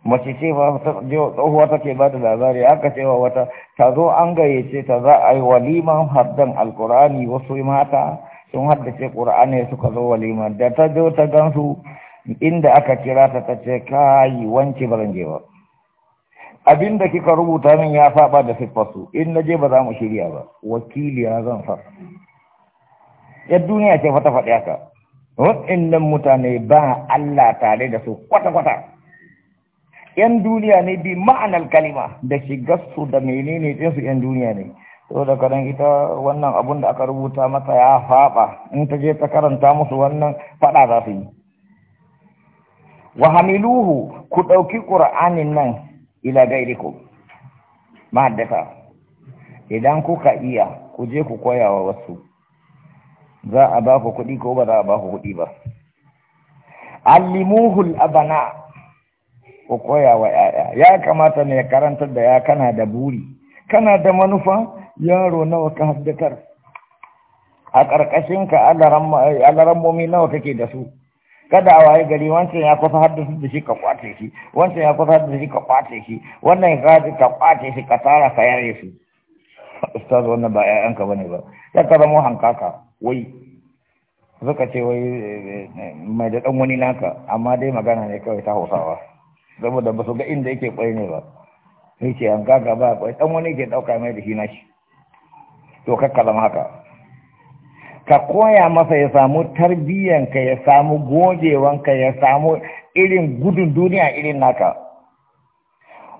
mace ce ba tsohuwa take ba da labari aka cewa wata ta zo an gayyace ta za a yi waliman haddan alkurani wasu mata sun haddace ƙur'ani suka zo walima da ta zo ta gansu inda aka kira ta ta ce kayi wanke baran ba abin da kika rubuta min ya saba da siffarsu in na je ba za mu shirya ba wakili ya zan fara Yan duniya ce fata faɗi haka waɗannan mutane ba Allah tare da su kwata-kwata ‘yan duniya ne bi ma'anar kalima da shigarsu da menene ɗinsu ‘yan duniya ne da kadan ita wannan abun da aka rubuta mata ya faɓa in ta je ta karanta musu wannan faɗa za su yi wa hamiluhu ku ɗauki ƙura'anin nan ila gairiku ma'addafa idan kuka iya ku je ku koyawa wasu za a ba ku kuɗi ko ba za a ba ku kuɗi ba allimuhul abana ku koya wa ‘ya'ya ya kamata ne karantar da ya kana da buri kana da manufa yaro nawa ka haddatar a ƙarƙashinka alarammomi nawa kake da su kada a waye gari wancan ya kusa haddasa da shi ka kwace shi wancan ya kusa haddasa shi ka kwace shi wannan ya ka kwace shi ka tara ka yare su ustaz wannan ba ‘ya'yanka ba ne ba ya ka zama hankaka wai suka ce wai mai da ɗan wani naka amma dai magana ne kawai ta hausawa saboda ba su ga inda yake kwai ne ba sai ce an gaga ba kwai ɗan wani ke ɗauka mai da shi na shi to kakka zama haka ka koya masa ya samu ka ya samu ka ya samu irin gudun duniya irin naka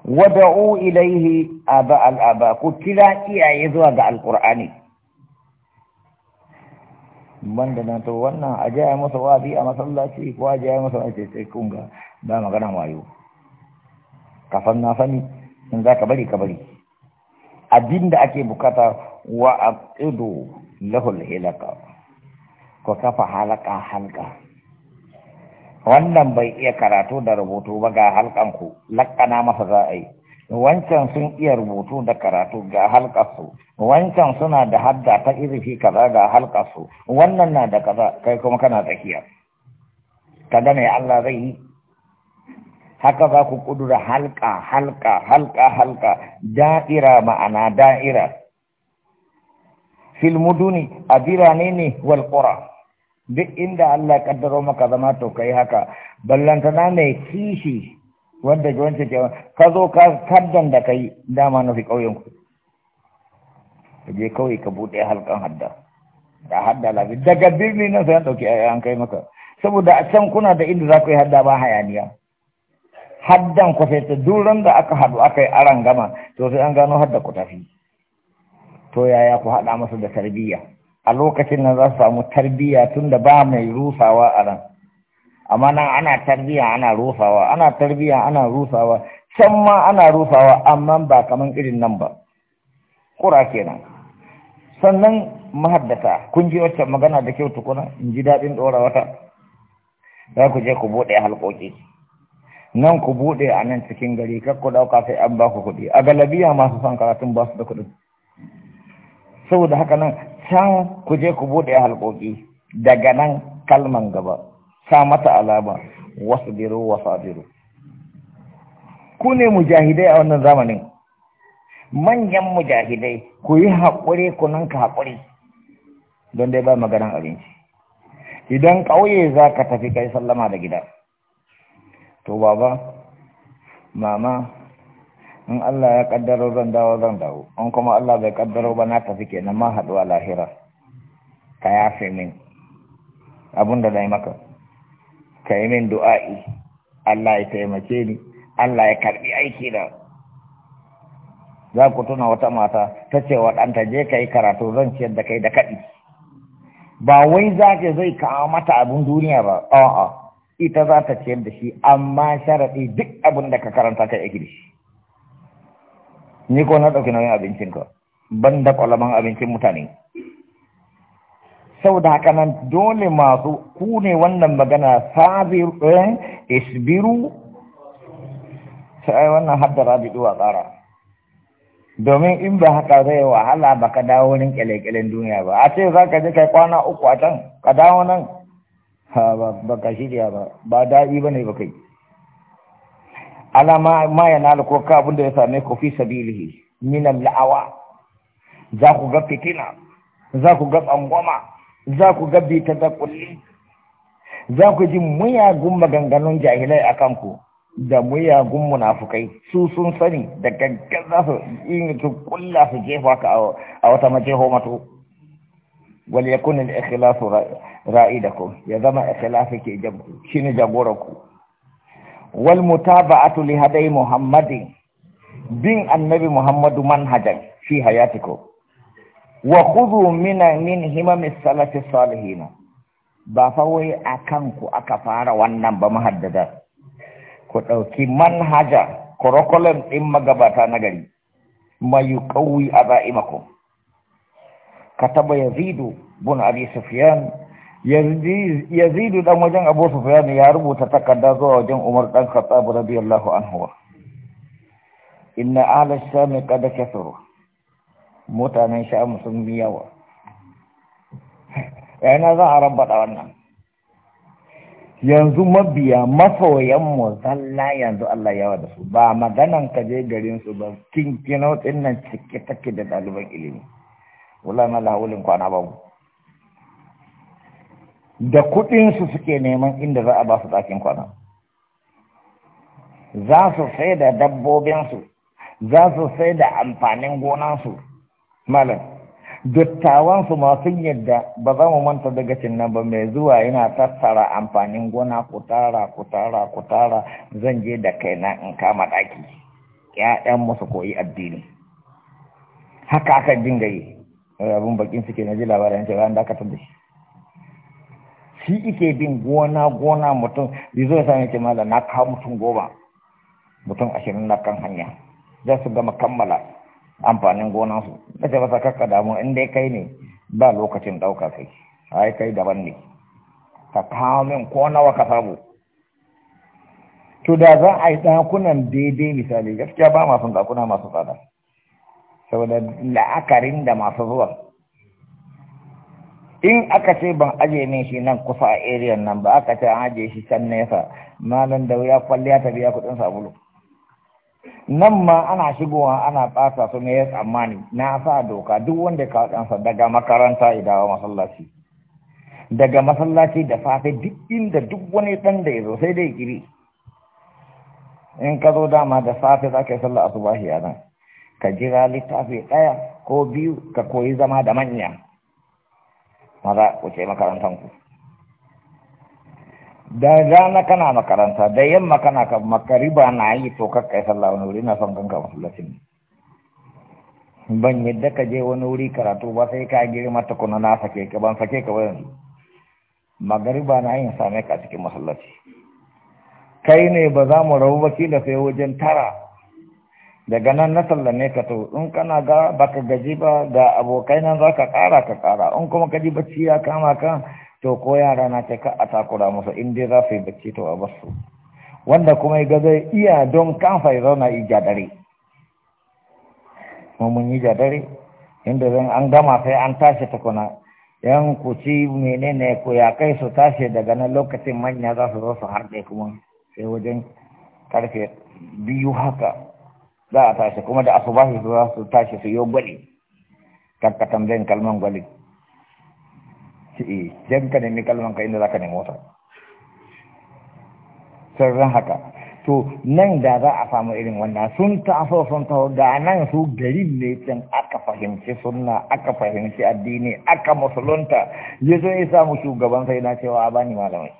wada'u ilaihi aba al'aba ku kira iyaye zuwa ga alkur'ani ban da nan to wannan a jaya masa wazi a masallaci ko a jaya masa wazi sai kun ga ba magana wayo kafan na sani in za ka bari ka bari abin da ake bukata wa aqidu lahul hilaka ko kafa halaka halka wannan bai iya karatu da rubutu ba ga halkan ku lakkana masa za a yi wancan sun iya rubutu da karatu ga halƙarsu wancan suna da hadda ta izifi kaza ga halƙarsu wannan na da kaza kai kuma kana tsakiya kaga mai Allah zai yi haka za ku kudura halka halka halka halka da'ira ma'ana da'ira fil muduni a birane ne wal duk inda Allah kaddaro maka zama to kai haka ballantana mai kishi wanda ga wancan ke ka zo ka kaddan da kai dama na fi ƙauyenku. ku je kawai ka buɗe halkan hadda da hadda labi daga birni nan sai an ɗauki an kai maka saboda a can kuna da inda za ku yi hadda ba hayaniya haddan ku sai ta duran da aka haɗu aka yi aran gama to sai an gano hadda ku tafi to yaya ku haɗa masa da tarbiyya a lokacin nan za su samu tarbiyya tun da ba mai rusawa a ran amma nan ana tarbiya ana rufawa ana tarbiya ana rufawa can ma ana rufawa amma ba kaman irin nan ba kura kenan sannan mahaddata kun ji wacce magana da kyau tukuna in ji daɗin ɗora wata za ku je ku buɗe halƙoƙi nan ku buɗe a nan cikin gari kar ku ɗauka sai an ba ku kuɗi a galabiya masu son karatun ba su da kuɗi saboda haka nan can ku je ku buɗe halƙoƙi daga nan kalman gaba sa mata alama wasu wasadiru ku ne mujahidai a wannan zamanin manyan mujahidai ku yi haƙuri ku ninka haƙuri don dai ba maganan abinci idan ƙauye za ka tafi kai sallama da gida to baba mama in Allah ya kaddaro zan dawo zan dawo in kuma Allah bai kaddaro ba na tafi kenan ma haɗuwa lahira ka yafe min abinda da na yi maka ka yi min du'a'i Allah ya taimake ni Allah ya karbi aiki da za ku tuna wata mata ta ce wa ɗanta je ka yi karatu zan ciyar da kai da kaɗi ba wai za ka zai kawo mata abin duniya ba a'a ita za ta ciyar da shi amma sharaɗi duk abin da ka karanta ka aiki shi ni ko na ɗauki nauyin abincinka ban da ƙwalaman abincin mutane saboda haka nan dole masu ku ne wannan magana sabiru eh, isbiru sai wannan haddara bi duwa tsara domin in ba haka zai wahala ba ka dawo wurin kyalekyalen duniya ba a ce za ka je kai kwana uku a can ka dawo nan ba ka shirya ba ba daɗi ba ne ba kai alama ma yana da ka abin da ya same ku fi sabilihi laawa za ku ga fitina za ku ga tsangwama za ku gabi ta da za ku ji muyagun maganganun jahilai a kanku da muyagun munafukai su sun sani da gaggar za su yi su kulla su jefa ka a wata majeho mato wal yakun al da ku ya zama ikhlasu ke shine jagoranku wal mutaba'atu li hadai muhammadin bin annabi muhammadu manhajan fi hayatikum wa khudhu min min himamis salati salihin ba fa wai akan ku aka fara wannan ba muhaddada ku dauki manhaja curriculum din magabata na gari mai yuqawi abaimakum kataba yazidu bun abi sufyan yazidu dan wajen abu sufyan ya rubuta takarda zuwa wajen umar dan khattab radiyallahu anhu inna ala shami qad katharu mutanen sha'amu sun bi yawa yana za a rabata wannan yanzu mabiya masoyanmu zalla yanzu Allah yawa da su ba maganan ka je garin su ba kinkino din nan cike take da ɗaliban ilimi Wula na lahulin kwana ba da kuɗin su suke neman inda za a ba su ɗakin kwana za su sai da dabbobinsu za su sai da amfanin gonansu malam dattawan su masu yadda ba za mu manta daga cin na ba mai zuwa yana tattara amfanin gona kutara kutara kutara tara zan je da kaina in kama ɗaki 'ya'yan musu koyi addini haka aka dinga yi rabin bakin suke na ji labarin cewa an dakatar da shi shi ike bin gona gona mutum zai zo ya sami ce mala na kawo mutum goma mutum ashirin na kan hanya za su gama kammala amfanin gonansu da ta masa kakka damu inda ya kai ne ba lokacin ɗauka kai ai kai daban ne ka kawo min ko nawa ka samu to da za a yi ɗakunan daidai misali gaskiya ba masu ɗakuna masu tsada saboda la'akarin da masu zuwa in aka ce ban aje min shi nan kusa a area nan ba aka ce an aje shi can nesa malam da wuya kwalliya ta biya kuɗin sabulu nan ma ana shigowa ana fasa su ne ya tsammani na sa doka duk wanda ka ɗansa daga makaranta idawa masallaci daga masallaci da safe duk inda duk wani ɗan da ya zo sai dai kiri in ka zo dama da safe za ka yi sallah asubahi a nan ka jira littafi ɗaya ko biyu ka koyi zama da manya maza ku ce makarantanku da rana kana makaranta da yamma kana ka makariba na yi to ka kai sallah wani wuri na son kanka masallacin ban yadda ka je wani wuri karatu ba sai ka girma ta kuna na sake ka ban sake ka wani magariba na yin same ka cikin masallaci kai ne ba za mu rabu ba da sai wajen tara daga nan na sallame ka to in kana ga baka gaji ba ga abokai nan za ka ƙara ka ƙara in kuma ka ji bacci ya kama ka to ko yara na ce ka a takura masa in dai za su yi bacci to a basu wanda kuma ya zai iya don kamfa ya zauna yi jadare mu mun yi jadare inda zan an gama sai an tashi tukuna yan ku ci menene ko ya kai su tashi daga nan lokacin manya za su zo su harɗe kuma sai wajen karfe biyu haka za a tashi kuma da asubahi za su tashi su yi gwali kakkatan zan kalman gwali shi zan ka nemi kalman ka inda za ka nemi wata sirrin haka to nan da za a samu irin wannan sun so sun taho da nan su garin ne can aka fahimci sunna aka fahimci addini aka musulunta ya zo ya samu shugaban sai na cewa a bani malamai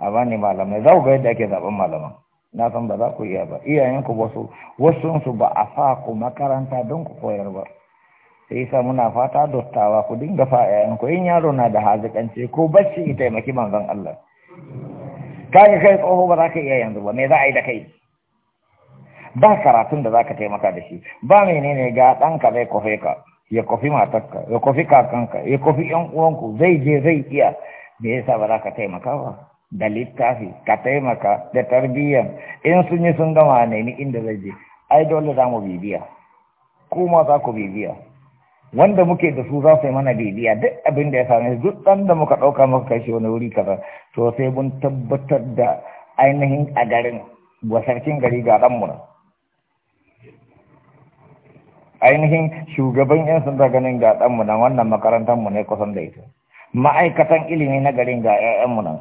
a bani malamai za ku ga yadda ake zaben malaman na san ba za ku iya ba iyayenku wasu wasunsu ba a sa ku makaranta don ku koyar ba sai sa muna fata dottawa ku dinga fa ku in yaro na da hazikanci ko bacci ya taimaki manzon Allah kaga kai tsoho ba za ka iya yanzu ba me za a yi da kai ba karatun da za ka taimaka da shi ba menene ga ɗanka zai kofe ka ya kofi matarka ya kofi kakanka ya kofi yan uwanku zai je zai iya me yasa ba za ka taimaka ba da littafi ka taimaka da tarbiyyar in sun yi sun gama ni inda zai je ai dole za mu bibiya kuma za ku bibiya wanda muke da su za su yi mana bibiya duk abin da ya same su, duk ɗan da muka ɗauka muka kai shi wani wuri kaza to sai mun tabbatar da ainihin a garin wasarkin sarkin gari ga ɗanmu na. ainihin shugaban yan sanda ganin ga ɗanmu na wannan makarantar mu ne kusan da ita ma'aikatan ilimi na garin ga 'ya'yanmu nan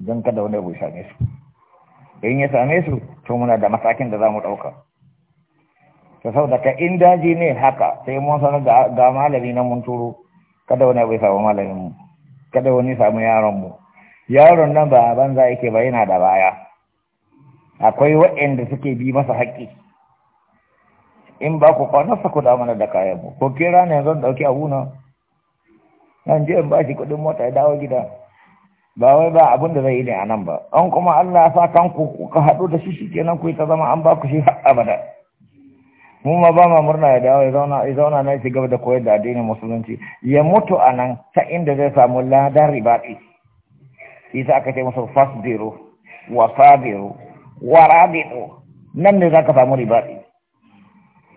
don kada wani abu same su in ya same su to muna da matakin da za mu ɗauka ta sau daga in daji ne haka sai mun sanar ga malami na mun turo kada wani abu ya samu malaminmu kada wani samu yaronmu yaron nan ba banza yake ba yana da baya akwai waɗanda suke bi masa haƙƙi in ba ku kwanarsa ku damana da kayanmu ko kira ne zan dauki abu na nan je in ba shi kuɗin mota ya dawo gida ba wai ba abin da zai yi ne a nan ba an kuma Allah ya sa ku kuka haɗu da shi shikenan ku yi ta zama an ba ku shi har abada mu ma ba ma murna ya dawo ya zauna ya zauna na shi gaba da koyar da addinin musulunci ya mutu a nan ta inda zai samu ladan ribaɗi shi sa aka ce masa fasdiru wa sabiru wa rabitu nan ne za ka samu ribaɗi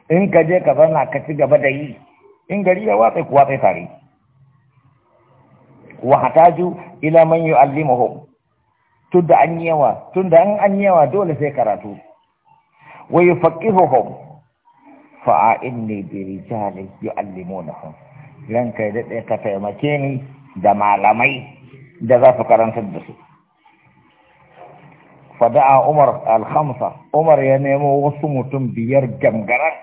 in ka je ka zauna ka ci gaba da yi in gari ya watsa ku watsa tare Wahataju hataju ila man yu'allimuhum tunda an yawa tunda an an yawa dole sai karatu wa yufaqihuhum fa inni bi rijali yu'allimunahum kai da dai ka taimake ni da malamai da za su karanta da su fada'a umar al-khamsa umar ya nemo wasu mutum biyar gangaran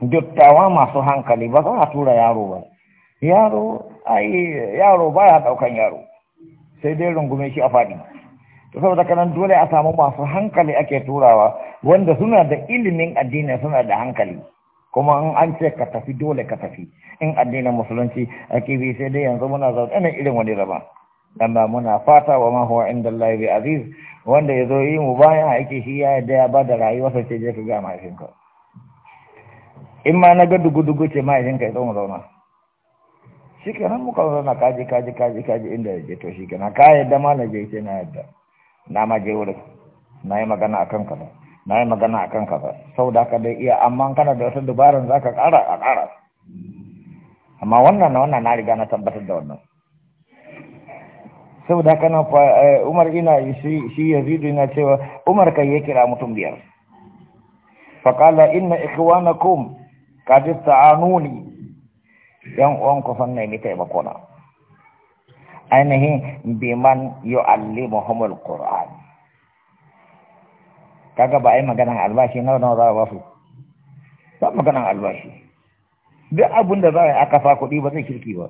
dattawa masu hankali ba za a tura yaro ba yaro ai yaro baya daukan yaro sai dai rungume shi a faɗi to saboda kanan dole a samu masu hankali ake turawa wanda suna da ilimin addini suna da hankali kuma in an ce ka tafi dole ka tafi in addinin musulunci ake bi sai dai yanzu muna zaune irin wani raba ba muna fata wa ma huwa inda Allah bi aziz wanda ya zo yi mu baya ake shi ya da ya ba da rayuwarsa ce je ka ga mahaifinka in ma na ga dugu-dugu ce mahaifinka ya zo mu zauna shi kenan muka zauna kaji kaji kaji kaji inda ya je to shi kenan ka yadda ma na je ce na yadda na ma je wurin na yi magana akan ba na yi magana akan ba sau da ka dai iya amma kana da wasu dubaran za ka kara a kara, amma wannan na wannan na riga na tabbatar da wannan sau da ka na eh, umar ina shi ya zidu ina cewa umar kai ya kira mutum biyar faƙala inna ikhwanakum kadi ta'anuni yan uwan ku san nemi taimako na ainihin biman yu'allimuhumul qur'an kaga ba ai maganan albashi nawa nawa za a basu ba maganan albashi duk abun da za a aka fa kuɗi ba zai kirki ba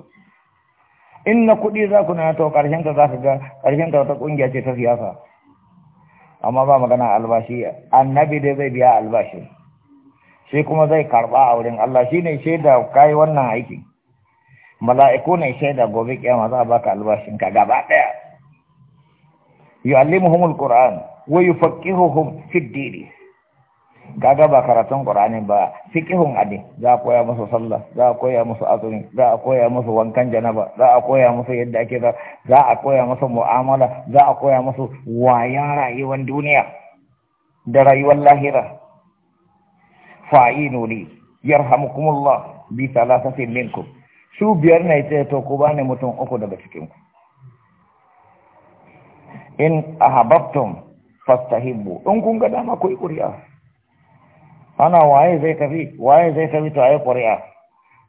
in na kuɗi za ku na to ƙarshen ka za ka ga karshen ka wata ƙungiya ce ta siyasa amma ba magana albashi annabi dai zai biya albashi Sai kuma zai karba a wurin Allah shi ne shaida kayi wannan aikin mala'iku ne shaida gobe kiyama za a baka albashin ka gaba daya yu'allimuhumul qur'an wa yufaqihuhum fid din kaga ba karatun qur'ani ba fiqhun adi za a koya musu sallah za a koya musu azumi za a koya musu wankan janaba za a koya musu yadda ake za za a koya musu mu'amala za a koya musu wayan rayuwar duniya da rayuwar lahira fa'inuni yarhamukumullah bi thalathatin minkum su biyar ne ce to ku bani mutum uku daga cikin ku in ahabbtum fastahibbu in kun ga dama ku yi ƙuri'a ana waye zai tafi waye zai tafi to ayi ƙuri'a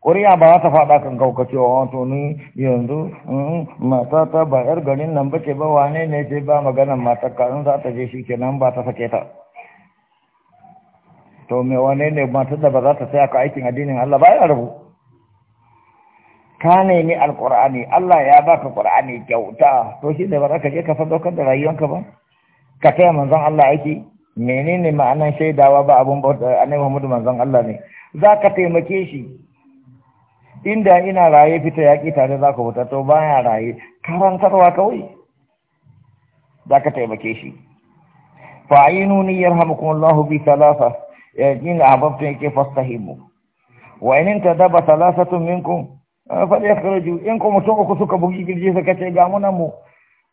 ƙuri'a ba ta faɗa kan wa, wato ni yanzu mm, mata ta ba 'yar garin nan ba ce ba wane ne ce ba maganan matar karin za ta je shi kenan ba ta sake ta to me wane ne matar da ba za ta tsaya ka aikin addinin Allah ba ya rabu ka nemi alkur'ani Allah ya baka qur'ani kyauta to shi ne ba za ka je ka sadaukar da rayuwanka ba ka taya manzon Allah aiki menene ma'anan shaidawa ba abun bauta annabi Muhammadu manzon Allah ne za ka taimake shi inda ina raye fita yaƙi tare za ka fita to baya raye karantarwa kawai za ka taimake shi fa'inuni Allah bi thalatha إن أحببتم إياك فاستهموا وإن انتدب ثلاثة منكم فليخرجوا إنكم متوقع سكا بوكي كرجي سكا تيغامونا مو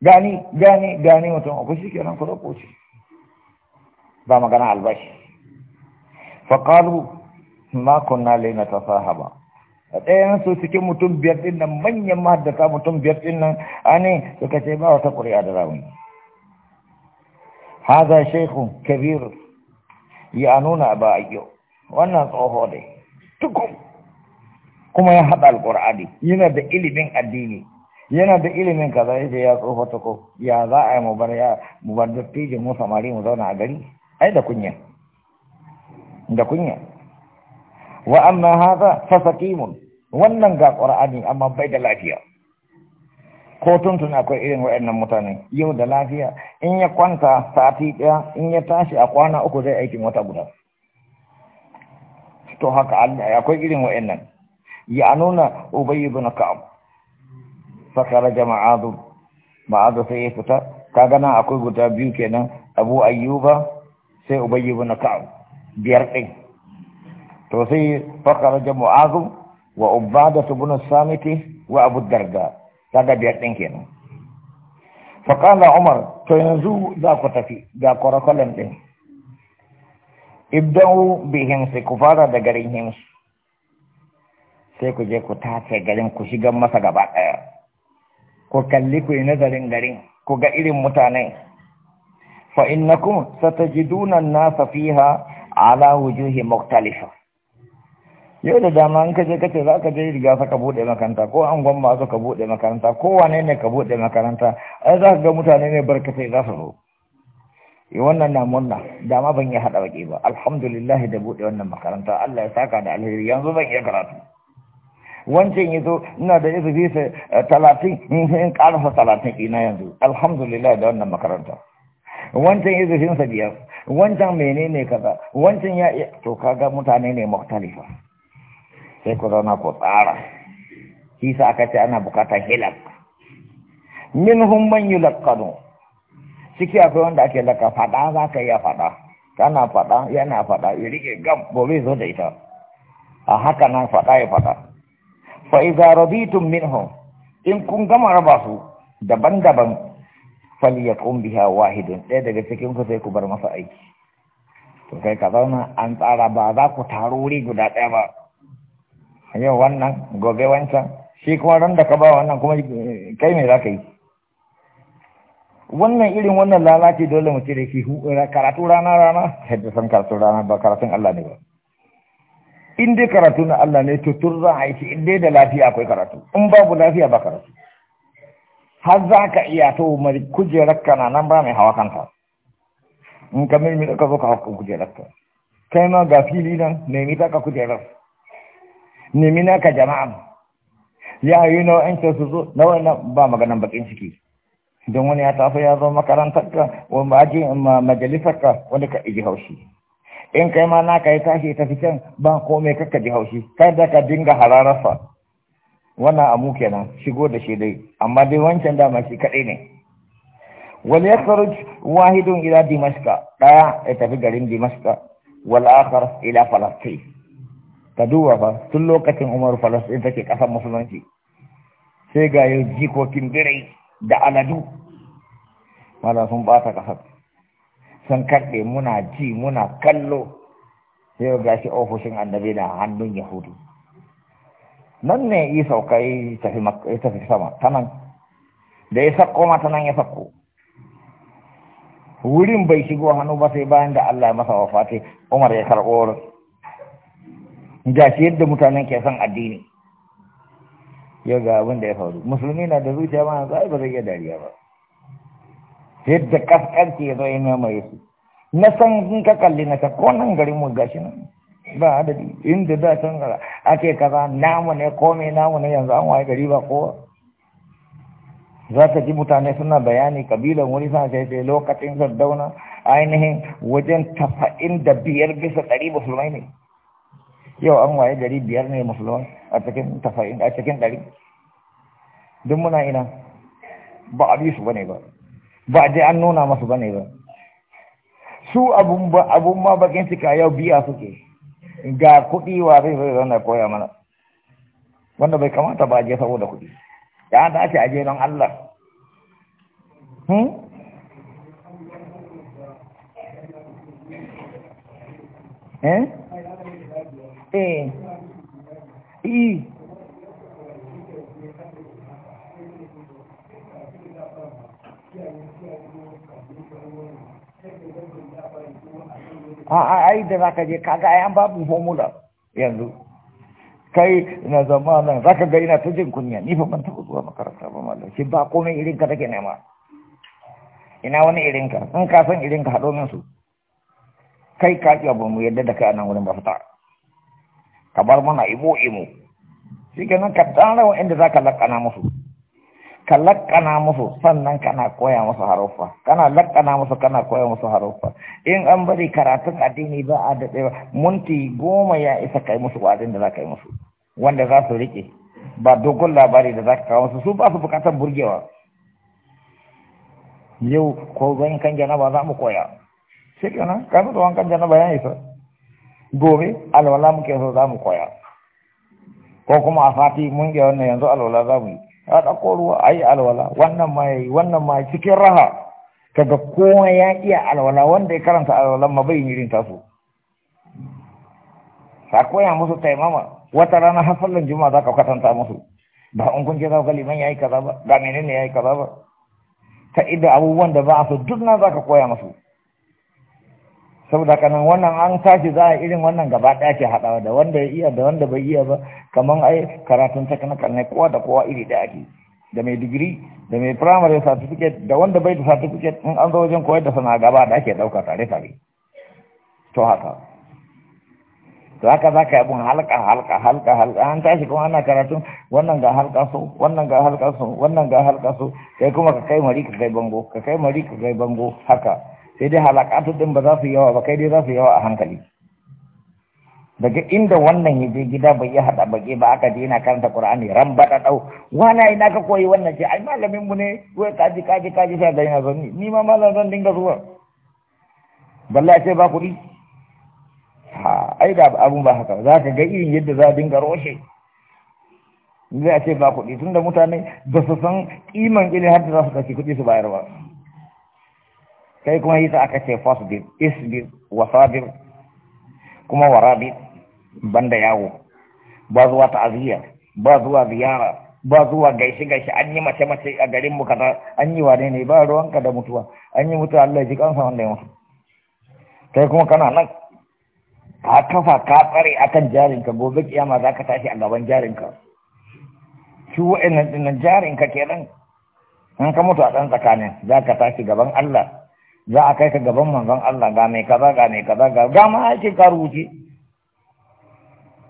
gani gani gani mutum akwai shi kenan ku dauko shi ba magana albashi fa qalu ma kunna lina tasahaba ɗayan su cikin mutum biyar din nan manyan mahaddata mutum biyar din nan ce da zamu haza shaykhu ya nuna ba a yau wannan tsoho dai tukun kuma ya haɗa alƙur'ani yana da ilimin addini yana da ilimin kaza yace ya tsoho tuko ya za a yi mu ya mu bar mu samari mu zauna a gari ai da kunya da kunya wa amma haza fasakimun wannan ga ƙur'ani amma bai da lafiya ko tuntun akwai irin waɗannan mutane yau da lafiya in ya kwanta sati ɗaya in ya tashi a kwana uku zai aikin wata guda to haka akwai irin waɗannan ya nuna ubayi bin ka'ab fakara du ma'azu sai ya fita ka gana akwai guda biyu kenan abu ayyuba sai ubayi bin ka'ab biyar ɗin to sai fakara jama'adu wa su bin samiti wa abu darda kaga biyar ɗin kenan faƙala umar to yanzu za ku tafi ga kwarakwalon ɗin ibda'u bi himsi ku fara da garin himsi sai ku je ku tace garin ku shiga masa gaba ɗaya ku kalli ku yi nazarin garin ku ga irin mutane fa innakum satajiduna an-nasa fiha ala wujuhi mukhtalifa yau da dama an ka kace za ka je riga sa ka bude makaranta ko an gwamma su ka bude makaranta ko wane ne ka bude makaranta ai za ka ga mutane ne barkatai za su zo yi eh, wannan na murna dama ban yi haɗa baki ba alhamdulillah da bude wannan makaranta Allah ya saka da alheri yanzu zan iya karatu wancan ya zo ina da izini sa eh, talatin in karfa talatin ina yanzu alhamdulillah da wannan makaranta wancan izinin sa biyar wancan menene kaza wancan ya to kaga mutane ne mukhtalifa sai ku zauna ku tsara shi sa aka ce ana bukatar hilak minhum man yulaqqanu ciki akwai wanda ake laka fada za ka iya fada kana fada yana fada ya rike gam gobe zo da ita a haka nan fada ya fada fa iza raditum minhum in kun gama raba su daban-daban yakum biha wahidun ɗaya daga cikin ku sai ku bar masa aiki to kai ka zauna an tsara ba za ku taro wuri guda ɗaya ba yau wannan gobe wancan shi kuma ran da ka ba wannan kuma kai me za ka yi wannan irin wannan lalace dole mu ce da shi karatu rana rana yadda san karatu rana ba karatun Allah ne ba in dai karatu na Allah ne to tur za a yi shi in dai da lafiya akwai karatu in babu lafiya ba karatu har za ka iya to mari kujerar kana nan ba mai hawa kanta in ka mai ka zo ka hawa kujerar ka kai ma ga fili nan mai mita ka kujerar nemi naka jama'an ya yi nau'ancin su zo na wannan ba maganan bakin ciki don wani ya tafi ya zo makarantar wani aji ka, wani ka iji haushi in kai ma naka ya tashi ta fi can ba komai kakka ji haushi kai da ka dinga hararsa wannan amu kenan shigo da shi dai amma dai wancan dama shi kaɗai ne wani ya faruj wahidun ila dimashka ɗaya ya tafi garin dimashka Wani ila falastin ka duba ba tun lokacin umaru falasɗin take ƙasar musulunci sai ga yau jikokin birai da aladu mala sun ɓata ƙasar sun karɓe muna ji muna kallo sai ga shi ofishin annabi na hannun yahudu nan ne yi sauka yi tafi sama ta nan da ya sakko mata nan ya sakko wurin bai shigo hannu ba sai bayan da Allah ya masa wafati Umar ya karɓo ga shi yadda mutanen ke son addini yau ga abin da ya faru musulmi na da zuciya ma ba zai iya dariya ba yadda kaskanci ya zo ya mamaye su na san in ka kalli na ta ko nan garin mu gashi nan ba adadi inda za san gara ake kaza namu ne komai namu ne yanzu an waye gari ba kowa za ka ji mutane suna bayani kabilan wani sa sai sai lokacin sardauna ainihin wajen tafa'in da biyar bisa ɗari musulmai ne yau an waye gari biyar ne musulman a cikin tafa'in a cikin ɗari duk muna ina ba a su ba bane ba ba a je an nuna masu bane ba su abun ba abun ma bakin cika yau biya suke ga kuɗi wa zai zai zana koya mana wanda bai kamata ba a je saboda kuɗi ya ta ce a je don Allah hmm? Eh? eh yi a a ai da je kaga ai an babu formula yanzu kai na zama nan zaka ga ina ta jin kunya ni fa ban taɓa zuwa makaranta ba mallam shi ba komai irin ka take nema ina wani irin ka in ka san irin ka haɗo min su kai ka ƙi abu mu yadda da kai a nan wurin ba fita ka bar mana ibo imu shi kenan ka tara inda za ka lakana musu ka lakana musu sannan kana koya musu haruffa kana lakana musu kana koya musu haruffa in an bari karatun addini ba a da tsaye munti goma ya isa kai musu wa'azin da za ka yi musu wanda za su riƙe ba dogon labari da za ka kawo musu su ba su bukatar burgewa yau ko zan kan janaba za mu koya shi kenan ka kan wankan janaba ya isa gobe alwala muke so za mu koya ko kuma a fati mun ga wannan yanzu alwala za mu yi a ɗauko ruwa a yi alwala wannan ma ya yi wannan ma cikin raha kaga kowa ya iya alwala wanda ya karanta alwala ma bai irin taso sa koya musu taimama wata rana sallan juma'a za ka kwatanta musu ba in kun ce za ka liman ya yi kaza ba ga menene ya yi kaza ba ta idda abubuwan da ba a so duk na za ka koya musu saboda kanan wannan an tashi za a irin wannan gaba ɗaya ke haɗawa da wanda ya iya da wanda bai iya ba kamar ai karatun technical ne kowa da kowa iri daya ake da mai digiri da mai primary certificate da wanda bai da certificate in an zo wajen koyar da sana'a gaba da ake ɗauka tare tare to haka to haka za ka yi abun halka halka halka halka an tashi kuma ana karatun wannan ga halka so wannan ga halka so wannan ga halka so kai kuma ka kai mari ka kai bango ka kai mari ka kai bango haka sai dai halakatu din ba za su yawa ba kai dai za su yawa a hankali daga inda wannan ya je gida bai yi haɗa baƙi ba aka je yana karanta qur'ani ran bada dau wana ina ka koyi wannan ce ai malamin mu ne wai kaji kaji kaji sai da yana zo ni ni ma malam zan dinga zuwa balla ce ba kuɗi ha ai da abun ba haka za ka ga irin yadda za a dinga roshe zai ce ba kuɗi tunda mutane ba su san kiman ilimi har da za su ɗauki kuɗi su bayar ba kai kuma ta aka ce fosbir isbir wasabir kuma warabi banda yawo ba zuwa ta'aziyya ba zuwa ziyara ba zuwa gaishe gaishe an yi mace mace a garin mu kaza an yi wane ne ba ruwanka da mutuwa an yi mutuwa Allah ya ji kansa wanda ya mutu kai kuma kana nan ka kafa ka tsare akan jarinka gobe kiyama za ka tashi a gaban jarinka shi wa'annan jarin jarinka kenan in ka mutu a ɗan tsakanin za ka tashi gaban Allah za a kai ka gaban manzon Allah ga mai kaza ga mai kaza ga ga ma aikin ka rubuce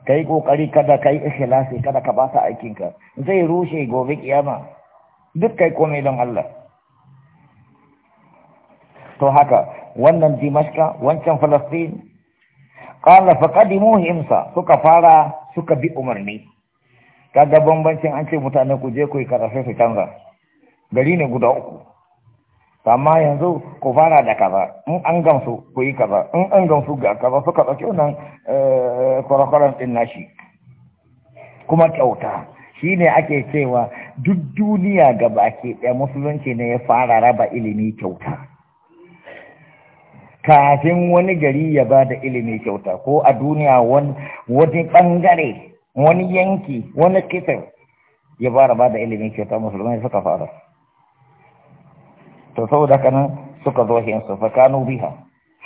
kai kokari kada kai ikhlasi kada ka ba aikin ka zai rushe gobe kiyama duk kai komai don Allah to haka wannan Dimashka wancan Falastin qala faqadimu himsa suka fara suka bi umarni kaga bambancin an ce mutane ku je ku yi karafe su canza gari ne guda uku amma yanzu ku fara da kaza in an gamsu ku yi kaza in an gamsu ga kaza suka ɗauki wannan eh, kwarakwaran ɗin nashi kuma kyauta shi ne ake cewa duk duniya ga baki ɗaya musulunci ne ya fara raba ilimi kyauta kafin wani gari ya ba da ilimi kyauta ko a duniya wani ɓangare wani yanki wani kitin ya fara ba da ilimi kyauta musulmai suka fara to saboda kana suka zo hin su kanu biha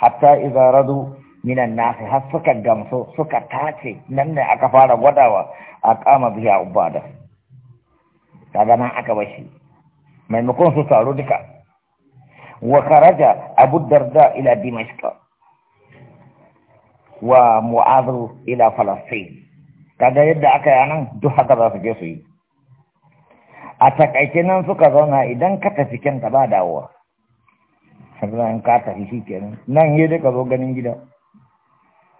hatta idza radu minan nas har suka gamso suka tace nan ne aka fara gwadawa a kama biya ubada kaga nan aka bashi maimakon su taru duka wa kharaja abu darda ila dimashq wa mu'adhu ila falastin kaga yadda aka yi nan duk haka za su je su yi a takaice nan suka zauna idan ka tafi kyan ka ba dawowa sannan ka tafi shi kenan nan yi duka zo ganin gida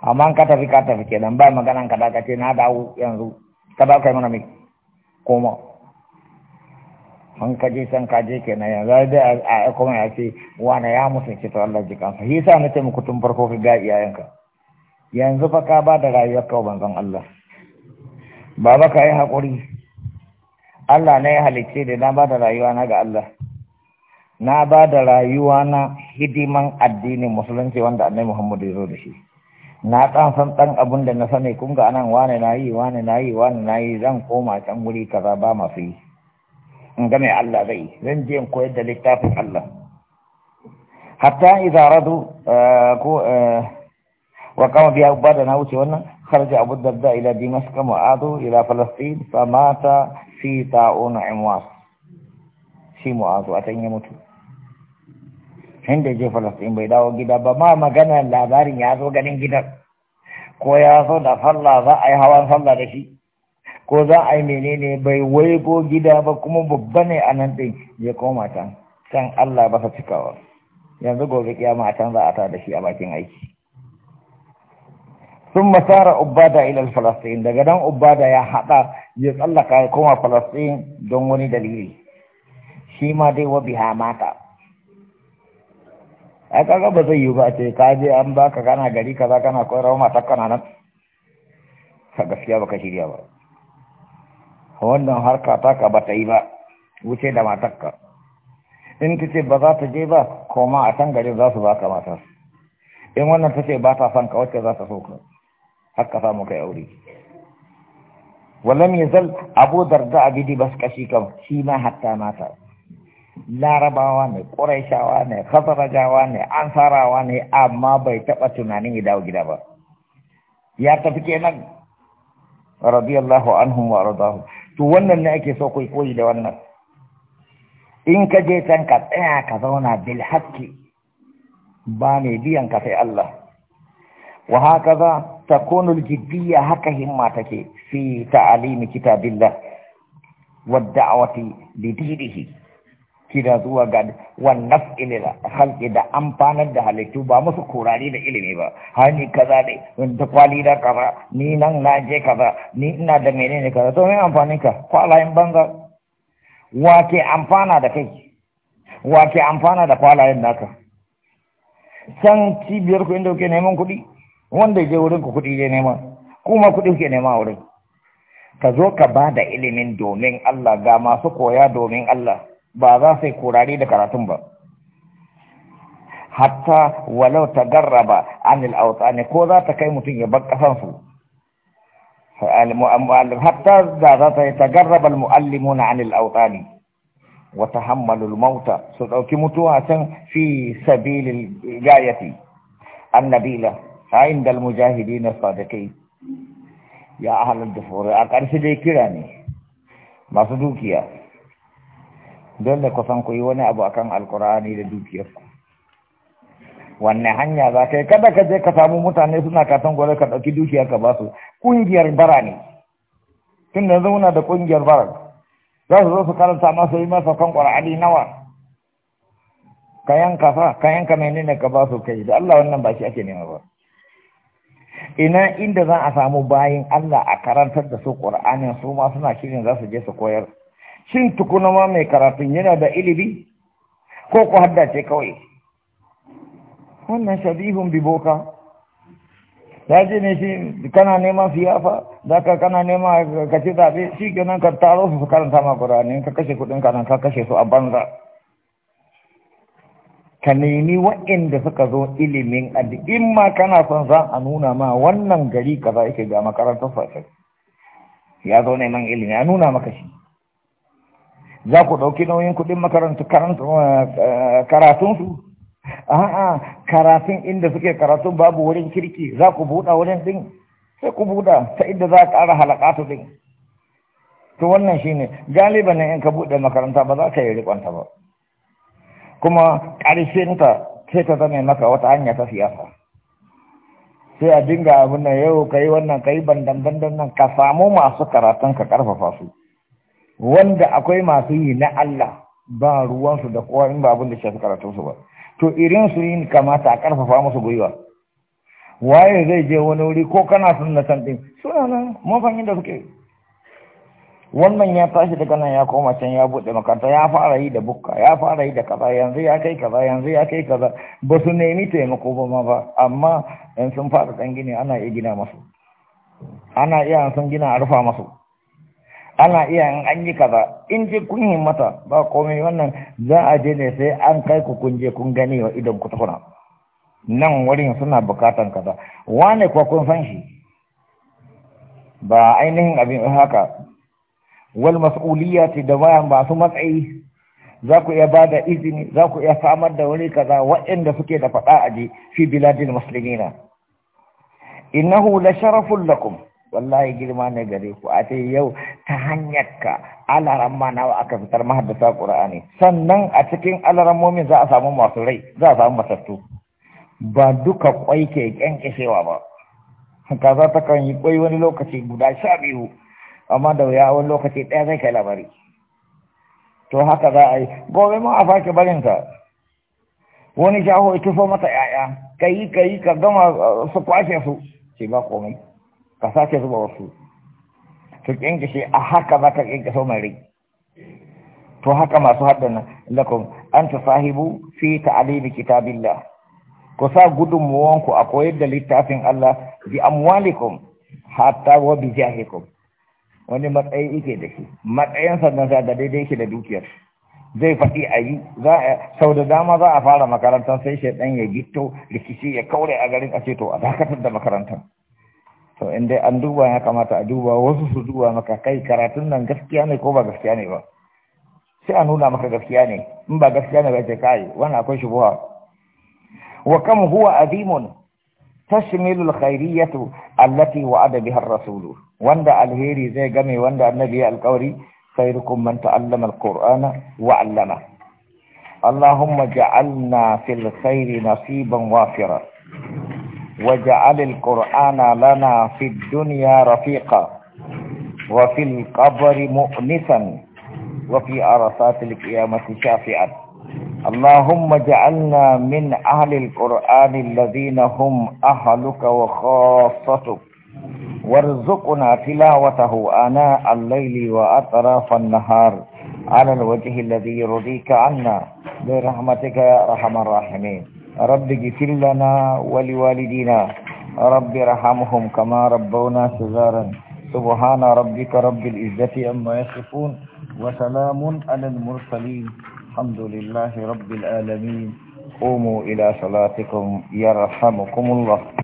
amma ka tafi ka tafi kenan ba maganan ka da ce na dawo yanzu ka ba kai mana mai koma an kaje san kaje kenan yanzu da a kuma ya ce wane ya mutunci ta Allah jikan sa? shi yasa nace muku tun farko ka ga iyayenka yanzu fa ka ba da rayuwar kawo ban Allah Allah baba ka yi hakuri Allah na ya halicce da na ba da rayuwa na ga Allah na ba da rayuwa na hidiman addinin musulunci wanda annai Muhammadu ya zo da shi na ɗan san ɗan abin da na sani kun ga anan wane na yi wane na yi wane na yi zan koma can wuri kaza ba masu yi in ga Allah zai zan je in koyar da littafin Allah hatta idza radu eh, ko eh, wa kama biya da na wuce wannan kharaja abu darda ila kama mu'adu ila falastin Samata. fi ta'una imwas shi mu'azu a ya mutu hende je falastin bai dawo gida ba ma magana labarin ya zo ganin gidan ko ya zo da sallah za a yi hawan sallah da shi ko za a yi menene bai waigo gida ba kuma babba ne a nan ɗin ya koma can allah ba sa cikawa yanzu gobe kiyama a can a ta da shi a bakin aiki sun masara ubada ilal falastin daga nan ubada ya haɗa ya tsallaka ya koma falastin don wani dalili shi ma dai wa biha mata ai kaga ba zai yi ba ce ka je an baka kana gari kaza kana koyarwa matar kana nan ka gaskiya baka shirya ba wannan harka taka ba ta yi ba wuce da matakka in ta ce ba za ta je ba koma a can garin za su baka matar in wannan ta ce ba ta son ka wacce za ta so ka haka samu kai aure wallam yazal abu darda abidi kashi kam shi ma hatta mata larabawa ne ƙuraishawa ne khazarajawa ne ansarawa ne amma bai taɓa tunanin ya dawo gida ba ya tafi kenan radiyallahu anhum wa radahu to wannan ne ake so ku koyi da wannan in ka je can ka tsaya ka zauna bil haqqi ba ne biyan ka sai Allah wa ta konul aljiddiyya haka himma take fi ta'alimi kitabillah wad da'wati li dinihi kira zuwa ga wannan ilila halki da amfanar da halittu ba musu kurari da ilimi ba har ni kaza ne in ta kwali da kaza ni nan na je kaza ni ina da menene kaza to me amfanin ka kwalayen banga. wa ke amfana da kai wa ke amfana da kwalayen naka can cibiyar ku inda kuke neman kuɗi wanda je wurin ku kuɗi je nema kuma kuɗi ke nema wurin ka zo ka ba da ilimin domin Allah ga masu koya domin Allah ba za su yi kurare da karatun ba hatta walau ta garraba anil ne ko za ta kai mutum ya bar kafansu hatta da za ta yi ta garraba an anil ne wata hamalul mauta su ɗauki mutuwa can fi sabilin gayati annabila hain dal mujahidi na sadakai ya ahalar da fura a ƙarshe dai kira ne masu dukiya don da kusan ku yi wani abu akan alkur'ani da dukiyarku wannan hanya za ka yi kada ka je ka samu mutane suna katon gwada ka ɗauki dukiya ka ba su ƙungiyar bara ne tun da zauna da ƙungiyar bara za su zo su karanta masa yi masa kan ƙwararri nawa ka yanka kayan ka yanka menene ka ba su kai da Allah wannan ba shi ake nema ba ina inda za a samu bayan Allah a karantar da su ƙur'anin su ma suna shirin za su je su koyar shin tukuna ma mai karatu yana da ilimi ko ku haddace kawai wannan shabihun biboka ya ce ne shi kana neman siyafa za ka kana neman ka zaɓe shi kenan ka taro su karanta ma ƙur'ani ka kashe kuɗin nan ka kashe su a banza ka nemi waɗanda suka zo ilimin addini in ma kana son za a nuna ma wannan gari kaza yake ga makarantar sosai ya zo neman ilimi a nuna maka shi za ku ɗauki nauyin kuɗin makarantu eh, eh, karatunsu a'a karatun inda suke karatun babu wurin kirki za ku buɗa wurin ɗin sai ku buɗa ta inda za a ƙara halakatu ɗin to wannan shine galiban in ka buɗe makaranta ba za ka yi riƙonta ba kuma ka sai ta zane maka wata hanya ta siyasa sai a dinga abin da yau Kai wannan Kai yi bandan-bandan nan ka samu masu karatun ka karfafa su wanda akwai masu yi na Allah ba ruwansu da kowa in ba abin da shafi karatunsu ba to irin su yin kamata a karfafa musu gwiwa waye zai je wani wuri ko kana sun na san ɗin suna nan mafan da suke wannan ya tashi daga nan ya koma can ya buɗe makaranta ya fara yi da bukka ya fara yi da kaza yanzu ya kai kaza yanzu ya kai kaza ba su nemi taimako ba ma ba amma in sun fara ɗan gini ana iya gina masu ana iya sun gina a rufa masu ana iya in an yi kaza in je kun himmata ba komai wannan za a je ne sai an kai ku kun je kun gani wa idan ku tukuna nan wurin suna bukatan kaza wane kuwa kun san shi ba ainihin abin haka wal ce da bayan masu matsayi za ku iya ba da izini za ku iya samar da wani kaza waɗanda suke da faɗa a je fi biladin musulmina innahu la sharafun lakum wallahi girma ne gare ku a ce yau ta hanyar ka alaran ma nawa aka fitar mahaddasa qur'ani sannan a cikin alaran momin za a samu masu rai za a samu masattu ba duka kwai ke kyankishewa ba kaza ta kan yi kwai wani lokaci guda sha biyu amma da wuya wani lokaci ɗaya zai kai labari to haka za a yi gobe ma a faki barinka wani shaho ya tufo mata ‘ya'ya ka yi ka yi ka gama uh, su kwashe su ce ba komai ka sake zuba wasu to shi a haka za ka so mai rai to haka masu haddana kun an ta sahibu fi ta'alimi kitabillah ku sa gudunmuwanku a koyar da littafin Allah bi amwalikum hatta wa bi jahikum wani matsayi yake da shi matsayin sannan sa da daidai shi da dukiyar zai faɗi a yi za a sau da dama za a fara makarantar sai shaidan ya gito rikici ya kaure a garin a ce to a dakatar da makarantar to in dai an duba ya kamata a duba wasu su duba maka kai karatun nan gaskiya ne ko ba gaskiya ne ba sai a nuna maka gaskiya ne in ba gaskiya ne ba ce kai wannan akwai shubuwa wa kam huwa azimun تشمل الخيرية التي وعد بها الرسول واندى الهيري زي جمي واندى النبي القوري خيركم من تعلم القرآن وعلمه اللهم جعلنا في الخير نصيبا وافرا وجعل القرآن لنا في الدنيا رفيقا وفي القبر مؤنسا وفي أرصات القيامة شافعا اللهم اجعلنا من أهل القرآن الذين هم أهلك وخاصتك وارزقنا تلاوته آناء الليل وأطراف النهار على الوجه الذي يرضيك عنا برحمتك يا أرحم الراحمين رب اغفر لنا ولوالدينا رب ارحمهم كما ربونا صغارا سبحان ربك رب العزة عما يصفون وسلام على المرسلين الحمد لله رب العالمين قوموا إلى صلاتكم يرحمكم الله